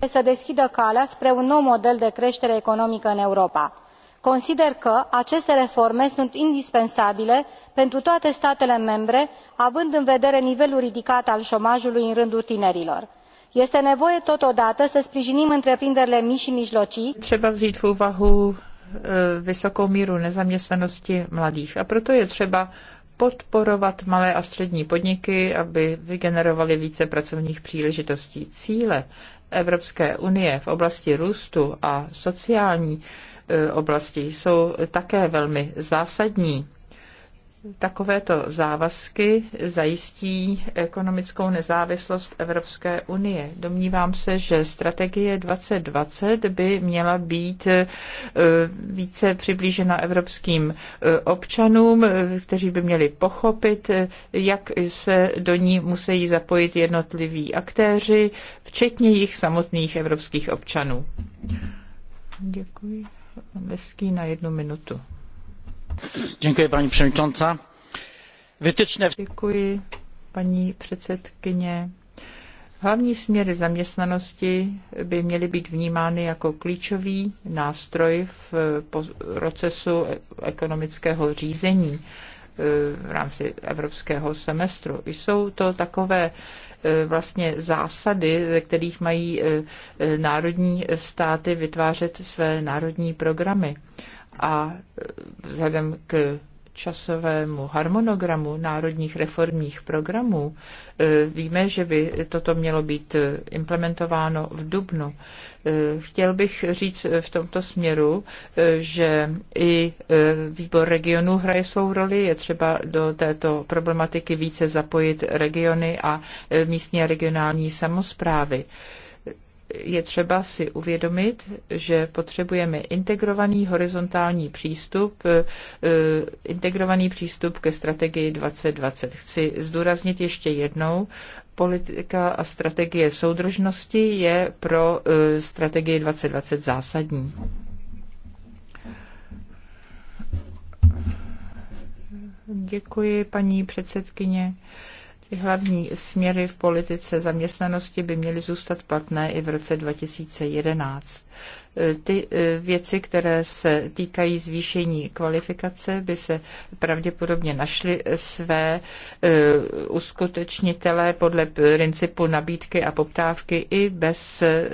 să deschidă calea spre un nou model de creștere economică în Europa consider că aceste reforme sunt indispensabile pentru toate statele membre având în vedere nivelul ridicat al omajului în rândul tinerilor. este nevoie totodată să sprijinim întreprinderile mici i mijlocii třeba vzít v úvahu e, vysokou míru nezaměstnanosti mladých a proto je třeba podporovat malé a střední podniky, aby vygenerovaly více pracovních příležitostí. Cíle Evropské unie v oblasti růstu a sociální E, oblasti jsou také velmi zásadní. Takovéto závazky zajistí ekonomickou nezávislost Evropské unie. Domnívám se, že strategie 2020 by měla být e, více přiblížena evropským e, občanům, kteří by měli pochopit, jak se do ní musí zapojit jednotliví aktéři, včetně jich samotných evropských občanů. Děkuji. Veský na jednu minutu. Děkuji, paní předsedkyně. Vytyčné... Děkuji, paní předsedkyně. Hlavní směry zaměstnanosti by měly být vnímány jako klíčový nástroj v procesu ekonomického řízení v rámci evropského semestru. Jsou to takové e, vlastně zásady, ze kterých mají e, e, národní státy vytvářet své národní programy. A vzhledem k časovému harmonogramu národních reformních programů, eh, víme, že by toto mělo být eh, implementováno v Dubnu. Eh, chtěl bych říct v tomto směru, že i výbor regionů hraje svou roli, je třeba do této problematiky více zapojit regiony a místní a regionální samozprávy je třeba si uvědomit, že potřebujeme integrovaný horizontální přístup, eh, eh, integrovaný přístup ke strategii 2020. Chci zdůraznit ještě jednou, politika a strategie soudržnosti je pro eh, strategii 2020 zásadní. Děkuji, paní předsedkyně. Ty hlavní směry v politice zaměstnanosti by měly zůstat platné i v roce 2011. Ty e, věci, které se týkají zvýšení kvalifikace, by se pravděpodobně našly své e, uskutečnitele podle principu nabídky a poptávky i bez e,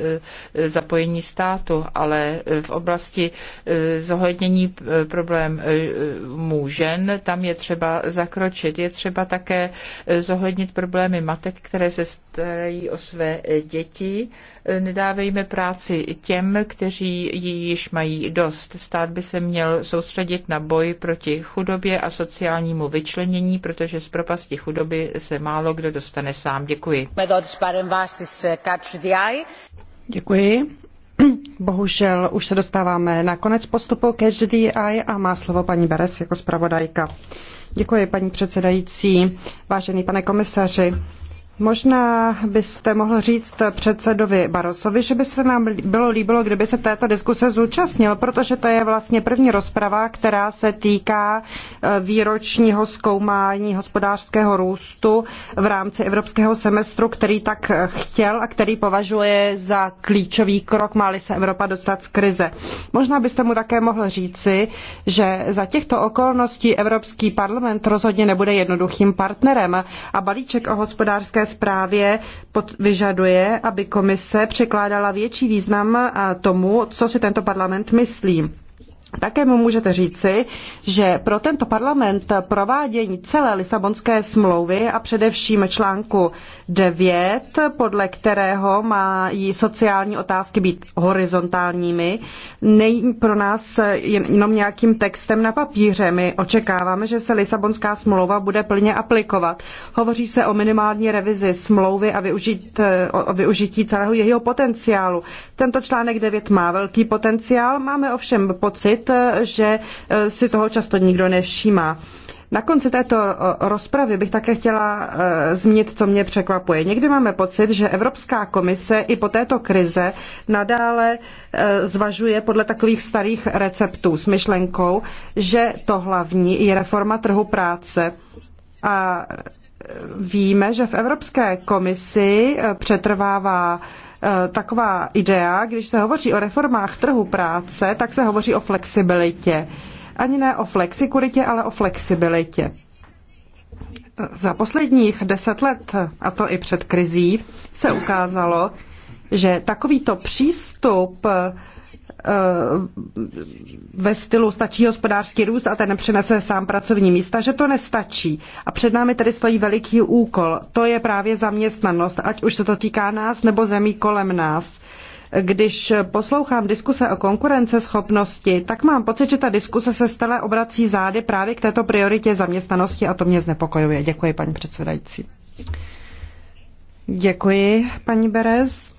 zapojení státu, ale v oblasti zohlednění problémů žen, tam je třeba zakročit. Je třeba také zohlednit problémy matek, které se starají o své děti. Nedávejme práci těm, kteří ji již mají dost. Stát by se měl soustředit na boj proti chudobě a sociálnímu vyčlenění, protože z propasti chudoby se málo kdo dostane sám. Děkuji. Děkuji. Bohužel už se dostáváme na konec postupu Catch the Eye a má slovo paní Beres jako zpravodajka. Děkuji, paní předsedající. Vážený pane komisaři, Možná byste mohl říct předsedovi Barosovi, že by se nám bylo líbilo, kdyby se této diskuse zúčastnil, protože to je vlastně první rozprava, která se týká e, výročního zkoumání hospodářského růstu v rámci evropského semestru, který tak e, chtěl a který považuje za klíčový krok, má-li se Evropa dostat z krize. Možná byste mu také mohl říci, že za těchto okolností Evropský parlament rozhodně nebude jednoduchým partnerem a balíček o hospodářské zprávě pod, vyžaduje, aby komise překládala větší význam tomu, co si tento parlament myslí. Také mu můžete říci, že pro tento parlament provádění celé Lisabonské smlouvy a především článku 9, podle kterého mají sociální otázky být horizontálními, není pro nás jenom nějakým textem na papíře. My očekáváme, že se Lisabonská smlouva bude plně aplikovat. Hovoří se o minimální revizi smlouvy a využít, o využití celého jejího potenciálu. Tento článek 9 má velký potenciál, máme ovšem pocit, uvědomit, že eh, si toho často nikdo nevšímá. Na konci této eh, rozpravy bych také chtěla eh, zmínit, co mě překvapuje. Někdy máme pocit, že Evropská komise i po této krize nadále zvažuje podle takových starých receptů s myšlenkou, že to hlavní je reforma trhu práce. A víme, že v Evropské komisi přetrvává Eh, taková idea, když se hovoří o reformách trhu práce, tak se hovoří o flexibilitě. Ani ne o flexikuritě, ale o flexibilitě. Za posledních deset let, a to i před krizí, se ukázalo, že takovýto přístup Eh, ve stylu stačí hospodářský růst a ten nepřinese sám pracovní místa, že to nestačí. A před námi tedy stojí veliký úkol. To je právě zaměstnanost, ať už se to týká nás nebo zemí kolem nás. Když poslouchám diskuse o konkurenceschopnosti, tak mám pocit, že ta diskuse se stále obrací zády právě k této prioritě zaměstnanosti a to mě znepokojuje. Děkuji, paní předsedající. Děkuji, paní Berez.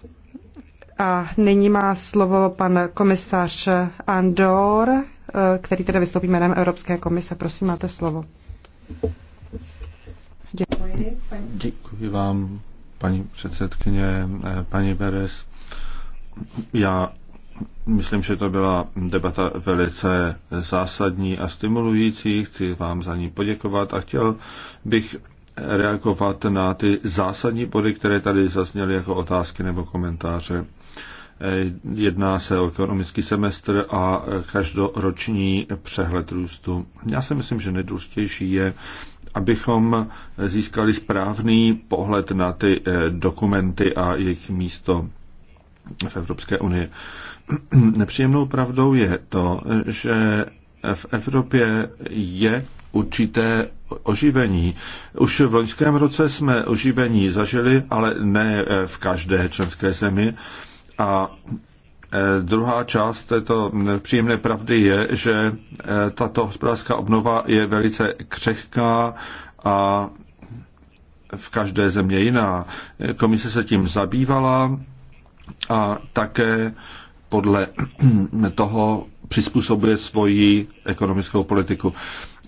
A nyní má slovo pan komisař Andor, eh, který tedy vystoupí jménem Evropské komise. Prosím, máte slovo. Děkuji. Paní... Děkuji vám, paní předsedkyně, eh, paní Beres. Já myslím, že to byla debata velice zásadní a stimulující. Chci vám za ní poděkovat a chtěl bych reagovat na ty zásadní body, které tady zazněly jako otázky nebo komentáře. Eh, jedná se o ekonomický semestr a eh, každoroční přehled růstu. Já si myslím, že nejdůležitější je, abychom eh, získali správný pohled na ty dokumenty a jejich místo v Evropské unii. Nepříjemnou pravdou je to, že v Evropě je určité oživení. Už v loňském roce jsme oživení zažili, ale ne v každé členské zemi. A e, Druhá část této příjemné pravdy je, že e, tato hospodářská obnova je velice křehká a v každé země jiná. Komise se tím zabývala a také podle toho přizpůsobuje svoji ekonomickou politiku.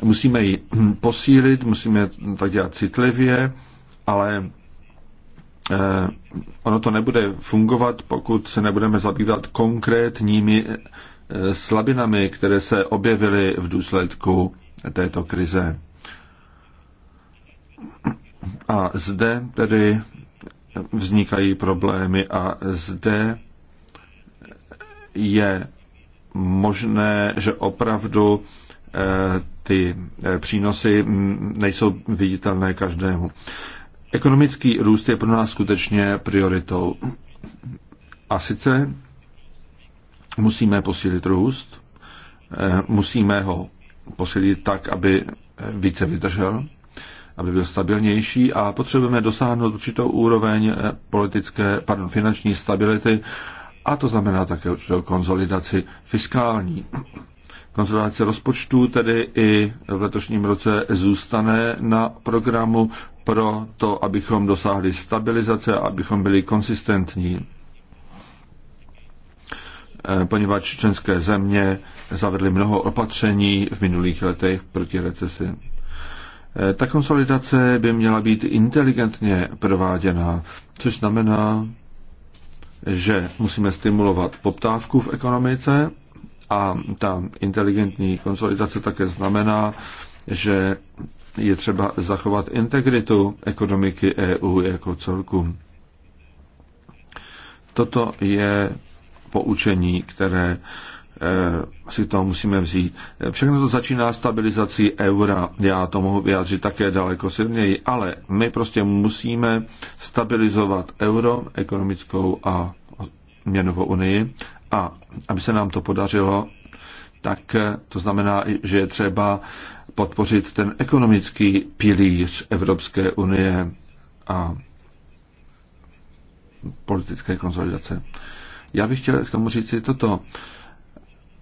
Musíme ji posílit, musíme tak dělat citlivě, ale Eh, ono to nebude fungovat, pokud se nebudeme zabývat konkrétními eh, slabinami, které se objevily v důsledku této krize. A zde tedy vznikají problémy a zde je možné, že opravdu eh, ty přínosy mm, nejsou viditelné každému. Ekonomický růst je pro nás skutečně prioritou. A sice musíme posílit růst, eh, musíme ho posílit tak, aby více vydržel, aby byl stabilnější a potřebujeme dosáhnout určitou úroveň eh, politické, pardon, finanční stability a to znamená také určitou konzolidaci fiskální. Konsolidace rozpočtů tedy i v letošním roce zůstane na programu pro to, abychom dosáhli stabilizace a abychom byli konsistentní eh, poněvadž členské země zavedly mnoho opatření v minulých letech proti recesi. Eh, ta konsolidace by měla být inteligentně prováděná, což znamená, že musíme stimulovat poptávku v ekonomice a ta inteligentní konsolidace také znamená, že je třeba zachovat integritu ekonomiky EU jako celku. Toto je poučení, které eh, si to musíme vzít. Všechno to začíná stabilizací eura. Já to mohu vyjádřit také daleko silněji, ale my prostě musíme stabilizovat euro, ekonomickou a měnovou unii a aby se nám to podařilo, tak eh, to znamená, že je třeba podpořit ten ekonomický pilíř Evropské unie a politické konsolidace. Já bych chtěl k tomu říct i toto.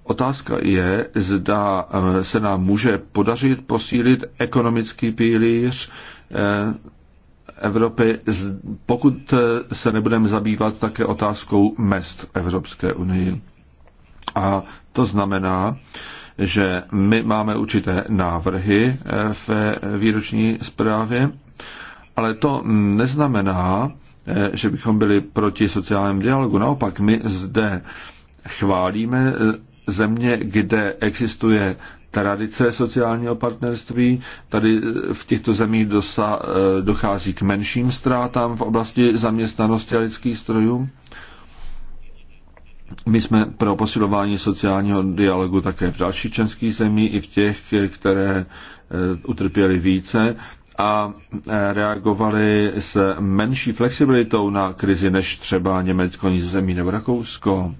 Otázka je, zda eh, se nám může podařit posílit ekonomický pilíř eh, Evropy, pokud eh, se nebudeme zabývat také otázkou mest Evropské unii. A to znamená, že my máme určité návrhy eh, v výroční zprávě, ale to neznamená, eh, že bychom byli proti sociálnímu dialogu. Naopak, my zde chválíme země, kde existuje tradice sociálního partnerství. Tady e, v těchto zemích dosa, e, dochází k menším ztrátám v oblasti zaměstnanosti a lidských strojů. My jsme pro posilování sociálního dialogu také v dalších českých zemích, i v těch, které e, utrpěly více a reagovali s menší flexibilitou na krizi než třeba Německo, Nizozemí nebo Rakousko.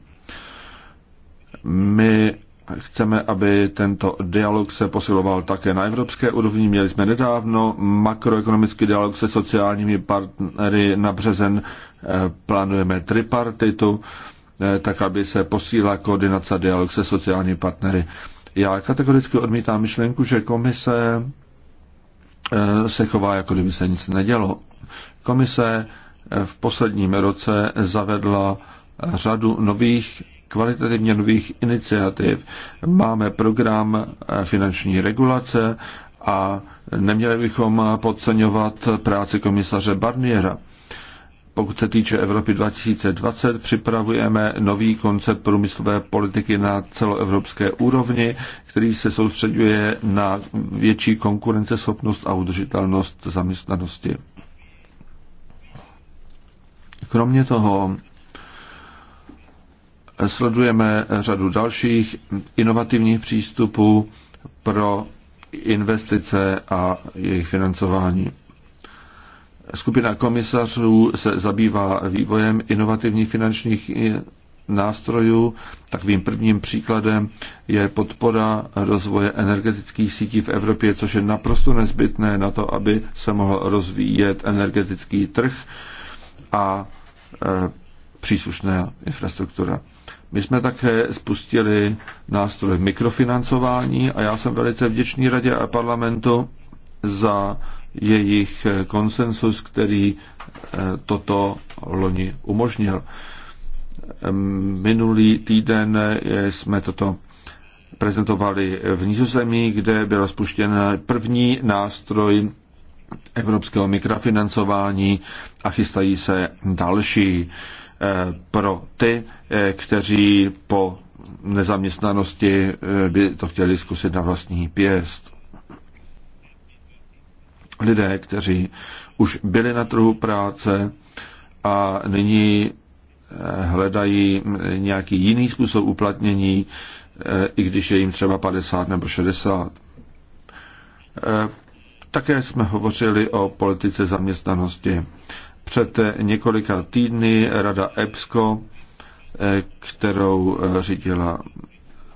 My Chceme, aby tento dialog se posiloval také na evropské úrovni. Měli jsme nedávno makroekonomický dialog se sociálními partnery na březen. Eh, plánujeme tripartitu, eh, tak aby se posílila koordinace dialog se sociálními partnery. Já kategoricky odmítám myšlenku, že komise eh, se chová, jako kdyby se nic nedělo. Komise v posledním roce zavedla řadu nových kvalitativně nových iniciativ. Máme program eh, finanční regulace a neměli bychom podceňovat práci komisaře Barniera. Pokud se týče Evropy 2020, připravujeme nový koncept průmyslové politiky na celoevropské úrovni, který se soustředuje na větší konkurenceschopnost a udržitelnost zaměstnanosti. Kromě toho Sledujeme řadu dalších inovativních přístupů pro investice a jejich financování. Skupina komisařů se zabývá vývojem inovativních finančních nástrojů. Takovým prvním příkladem je podpora rozvoje energetických sítí v Evropě, což je naprosto nezbytné na to, aby se mohl rozvíjet energetický trh a e, příslušná infrastruktura. My jsme také spustili nástroj mikrofinancování a já jsem velice vděčný radě a parlamentu za jejich konsensus, který eh, toto loni umožnil. Minulý týden eh, jsme toto prezentovali v Nizozemí, kde byl spuštěn první nástroj evropského mikrofinancování a chystají se další. Eh, pro ty, eh, kteří po nezaměstnanosti eh, by to chtěli zkusit na vlastní pěst. Lidé, kteří už byli na trhu práce a nyní hledají nějaký jiný způsob uplatnění, i když je jim třeba 50 nebo 60. Také jsme hovořili o politice zaměstnanosti. Před několika týdny Rada EPSCO, eh, kterou eh, řídila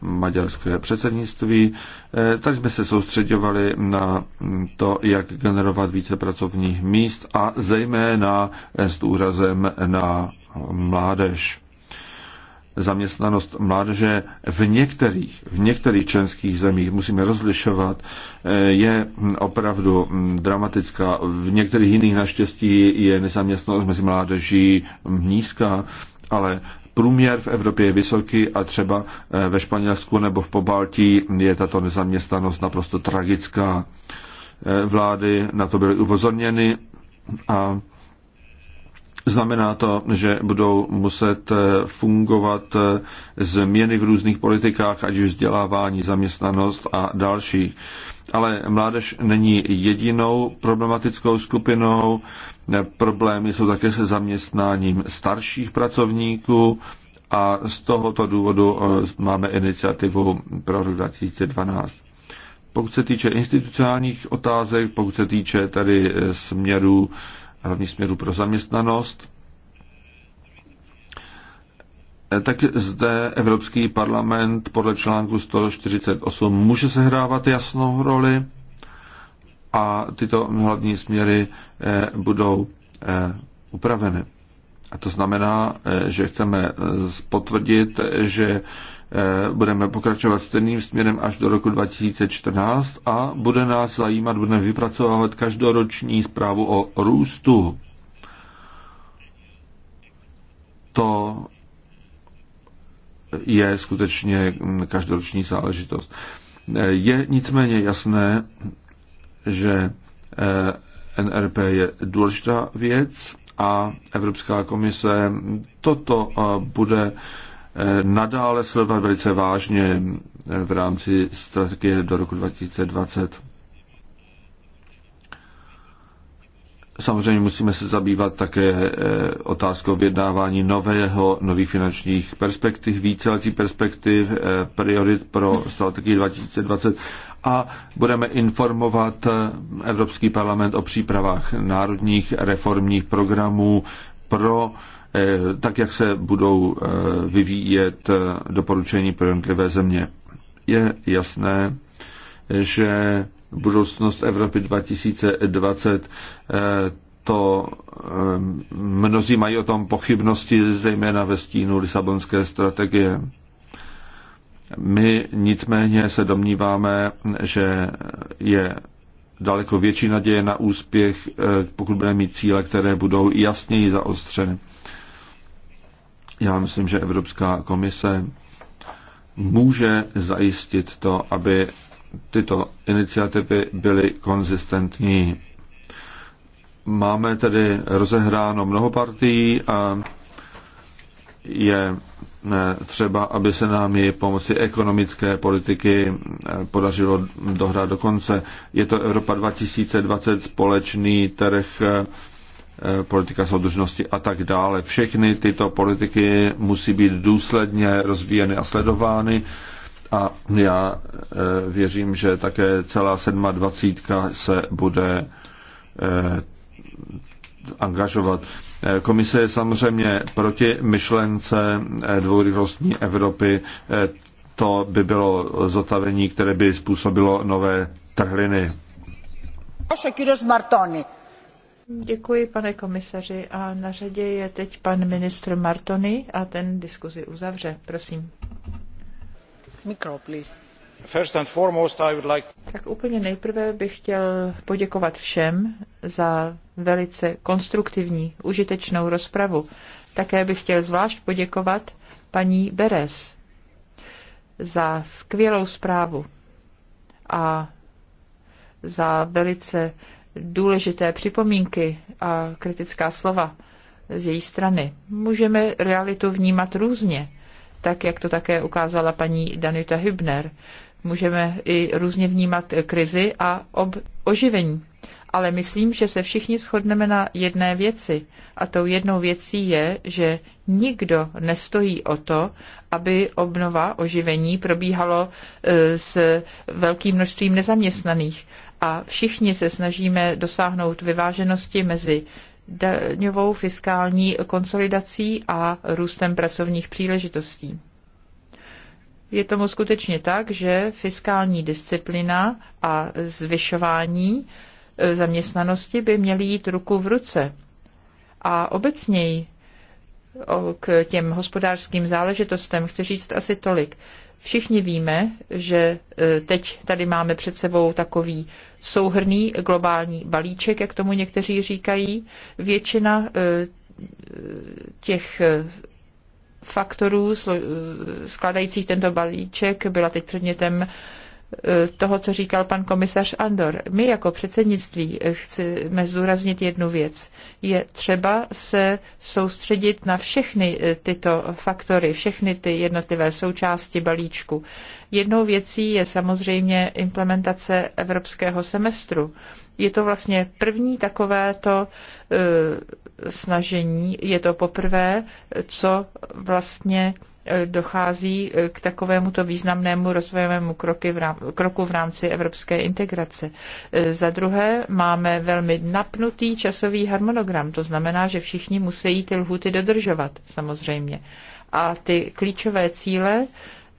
maďarské předsednictví, eh, tak jsme se soustředovali na to, jak generovat více pracovních míst a zejména s důrazem na mládež zaměstnanost mládeže v některých, v některých členských zemích, musíme rozlišovat, eh, je opravdu hm, dramatická. V některých jiných naštěstí je nezaměstnanost mezi mládeží hm, nízká, ale průměr v Evropě je vysoký a třeba eh, ve Španělsku nebo v Pobaltí je tato nezaměstnanost naprosto tragická. Eh, vlády na to byly upozorněny a Znamená to, že budou muset eh, fungovat eh, změny v různých politikách, ať už vzdělávání, zaměstnanost a další. Ale mládež není jedinou problematickou skupinou. Eh, problémy jsou také se zaměstnáním starších pracovníků a z tohoto důvodu máme iniciativu pro rok 2012 pokud se týče institucionálních otázek, pokud se týče tady směrů hlavní směru pro zaměstnanost, e, tak zde Evropský parlament podle článku 148 může sehrávat jasnou roli a tyto hlavní směry e, budou e, upraveny. A to znamená, že chceme potvrdit, že Eh, budeme pokračovat stejným směrem až do roku 2014 a bude nás zajímat, budeme vypracovávat každoroční zprávu o růstu. To je skutečně hm, každoroční záležitost. Eh, je nicméně jasné, že eh, NRP je důležitá věc a Evropská komise toto bude nadále sledovat velice vážně eh, v rámci strategie do roku 2020. Samozřejmě musíme se zabývat také eh, otázkou vyjednávání nového, nových finančních perspektiv, víceletých perspektiv, eh, priorit pro strategii 2020 a budeme informovat Evropský parlament o přípravách národních reformních programů pro Eh, tak jak se budou eh, vyvíjet eh, doporučení pro jednotlivé země. Je jasné, že budoucnost Evropy 2020 to mnozí mají o tom pochybnosti, zejména ve stínu Lisabonské strategie. My nicméně se domníváme, že je daleko větší naděje na úspěch, pokud budeme mít cíle, které budou jasněji zaostřeny. Já myslím, že Evropská komise může zajistit to, aby tyto iniciativy byly konzistentní. Máme tedy rozehráno mnoho partií a je eh, třeba, aby se nám ji pomocí ekonomické politiky eh, podařilo dohrát do konce. Je to Evropa 2020 společný trh eh, Eh, politika soudržnosti a tak dále. Všechny tyto politiky musí být důsledně rozvíjeny a sledovány a já eh, věřím, že také celá sedma dvacítka se bude eh, angažovat. Komise je samozřejmě proti myšlence dvourychlostní Evropy. To by bylo zotavení, které by způsobilo nové trhliny. Martoni. Děkuji, pane komisaři. A na řadě je teď pan ministr Martony a ten diskuzi uzavře. Prosím. Mikro, please. First and foremost, I would like... Tak úplně nejprve bych chtěl poděkovat všem za velice konstruktivní, užitečnou rozpravu. Také bych chtěl zvlášť poděkovat paní Beres za skvělou zprávu a za velice důležité připomínky a kritická slova z její strany. Můžeme realitu vnímat různě, tak jak to také ukázala paní Danuta Hübner. Můžeme i různě vnímat krizi a ob- oživení. Ale myslím, že se všichni shodneme na jedné věci. A tou jednou věcí je, že nikdo nestojí o to, aby obnova oživení probíhalo e, s velkým množstvím nezaměstnaných a všichni se snažíme dosáhnout vyváženosti mezi daňovou fiskální konsolidací a růstem pracovních příležitostí. Je tomu skutečně tak, že fiskální disciplina a zvyšování e, zaměstnanosti by měly jít ruku v ruce. A obecněji k těm hospodářským záležitostem chci říct asi tolik. Všichni víme, že e, teď tady máme před sebou takový souhrný globální balíček, jak tomu někteří říkají. Většina e, těch e, faktorů skladajících tento balíček byla teď předmětem Eh, toho, co říkal pan komisař Andor. My jako předsednictví eh, chceme zúraznit jednu věc. Je třeba se soustředit na všechny eh, tyto faktory, všechny ty jednotlivé součásti balíčku. Jednou věcí je samozřejmě implementace evropského semestru. Je to vlastně první takovéto snažení. Je to poprvé, co vlastně eh, dochází eh, k takovémuto významnému rozvojovému kroky v rám, kroku v rámci evropské integrace. Eh, za druhé máme velmi napnutý časový harmonogram, to znamená, že všichni musí ty lhuty dodržovat samozřejmě. A ty klíčové cíle,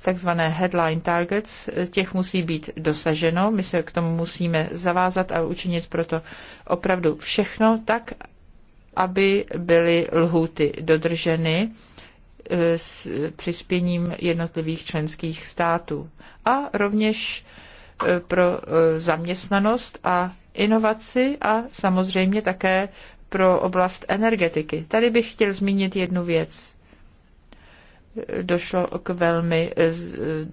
takzvané headline targets, těch musí být dosaženo. My se k tomu musíme zavázat a učinit proto opravdu všechno tak, aby byly lhuty dodrženy e, s přispěním jednotlivých členských států. A rovněž e, pro e, zaměstnanost a inovaci a samozřejmě také pro oblast energetiky. Tady bych chtěl zmínit jednu věc. Došlo k velmi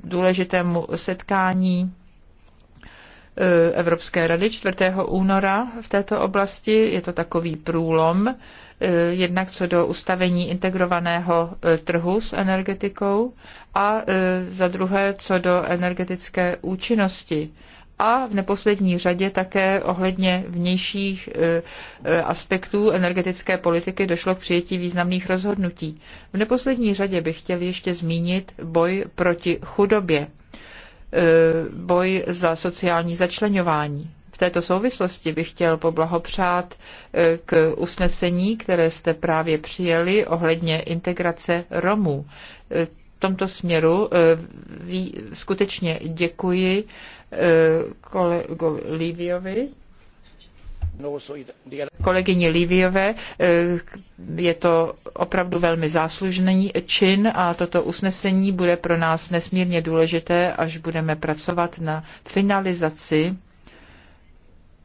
důležitému setkání Eh, Evropské rady 4. února v této oblasti. Je to takový průlom, eh, jednak co do ustavení integrovaného eh, trhu s energetikou a za druhé co do energetické účinnosti a v neposlední řadě také ohledně vnějších aspektů energetické politiky došlo k přijetí významných rozhodnutí. V neposlední řadě bych chtěl ještě zmínit boj proti chudobě. Eh, boj za sociální začlenování. V této souvislosti bych chtěl poblahopřát eh, k usnesení, které jste právě přijeli ohledně integrace Romů. Eh, v tomto směru skutečně děkuji kolegovi Liviovi Kolegyně Liviové, eh, je to opravdu velmi záslužný čin a toto usnesení bude pro nás nesmírně důležité, až budeme pracovat na finalizaci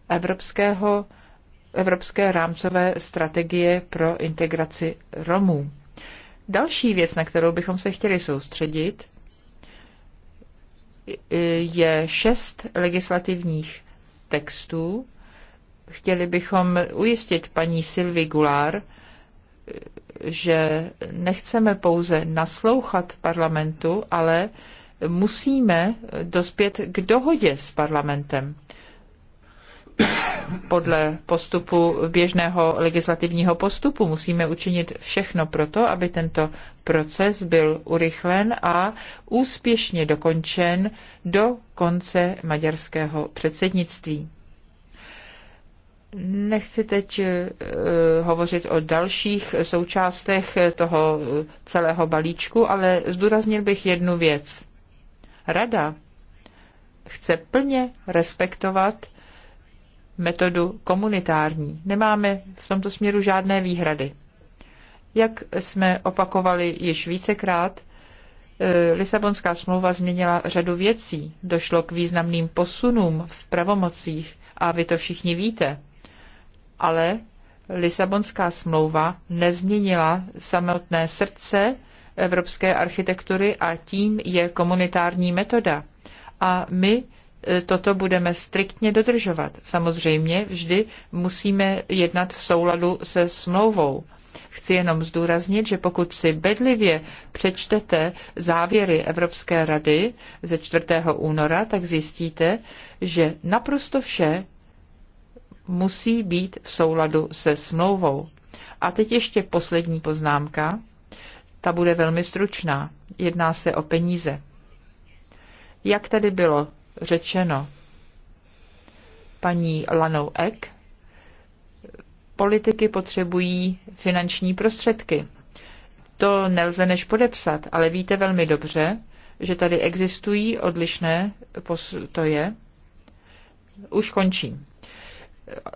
evropského, evropské rámcové strategie pro integraci Romů. Další věc, na kterou bychom se chtěli soustředit, eh, je šest legislativních textů, Chtěli bychom ujistit paní Sylvie Goulard, že nechceme pouze naslouchat parlamentu, ale musíme dospět k dohodě s parlamentem podle postupu běžného legislativního postupu. Musíme učinit všechno proto, aby tento proces byl urychlen a úspěšně dokončen do konce maďarského předsednictví. Nechci teď eh, hovořit o dalších součástech toho eh, celého balíčku, ale zdůraznil bych jednu věc. Rada chce plně respektovat metodu komunitární. Nemáme v tomto směru žádné výhrady. Jak jsme opakovali již vícekrát, eh, Lisabonská smlouva změnila řadu věcí. Došlo k významným posunům v pravomocích a vy to všichni víte ale Lisabonská smlouva nezměnila samotné srdce evropské architektury a tím je komunitární metoda. A my e, toto budeme striktně dodržovat. Samozřejmě vždy musíme jednat v souladu se smlouvou. Chci jenom zdůraznit, že pokud si bedlivě přečtete závěry Evropské rady ze 4. února, tak zjistíte, že naprosto vše musí být v souladu se smlouvou. A teď ještě poslední poznámka. Ta bude velmi stručná. Jedná se o peníze. Jak tady bylo řečeno paní Lanou Ek, politiky potřebují finanční prostředky. To nelze než podepsat, ale víte velmi dobře, že tady existují odlišné postoje. Už končím.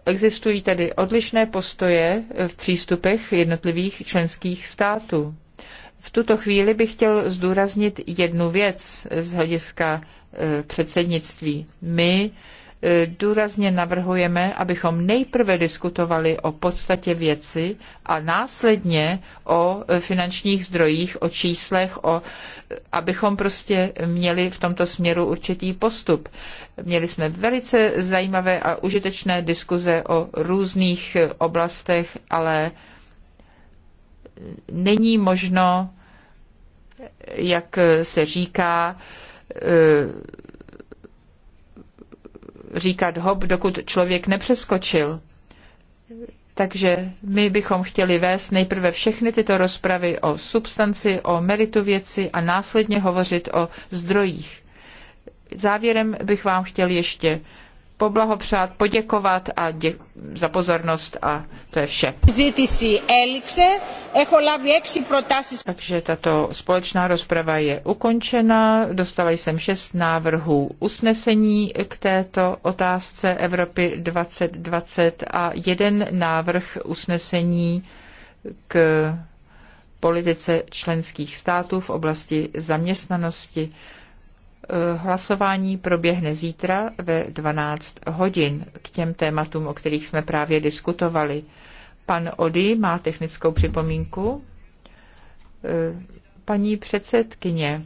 Existují tedy odlišné postoje v přístupech jednotlivých členských států. V tuto chvíli bych chtěl zdůraznit jednu věc z hlediska eh, předsednictví. My důrazně navrhujeme, abychom nejprve diskutovali o podstatě věci a následně o finančních zdrojích, o číslech, o, abychom prostě měli v tomto směru určitý postup. Měli jsme velice zajímavé a užitečné diskuze o různých oblastech, ale není možno, jak se říká, říkat hop, dokud člověk nepřeskočil. Takže my bychom chtěli vést nejprve všechny tyto rozpravy o substanci, o meritu věci a následně hovořit o zdrojích. Závěrem bych vám chtěl ještě poblahopřát, poděkovat a dě- za pozornost a to je vše. Takže tato společná rozprava je ukončena. Dostala jsem šest návrhů usnesení k této otázce Evropy 2020 a jeden návrh usnesení k politice členských států v oblasti zaměstnanosti. Eh, hlasování proběhne zítra ve 12 hodin k těm tématům, o kterých jsme právě diskutovali. Pan Ody má technickou připomínku. Eh, paní předsedkyně,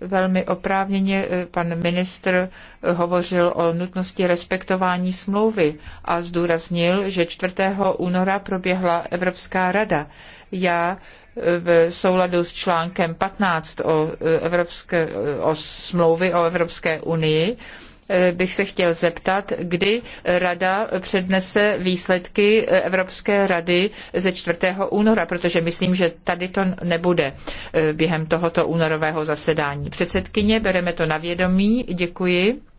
velmi oprávněně eh, pan ministr hovořil o nutnosti respektování smlouvy a zdůraznil, že 4. února proběhla Evropská rada. Já v souladu s článkem 15 o, Evropské, o smlouvy o Evropské unii, eh, bych se chtěl zeptat, kdy Rada přednese výsledky Evropské rady ze 4. února, protože myslím, že tady to nebude eh, během tohoto únorového zasedání. Předsedkyně, bereme to na vědomí. Děkuji.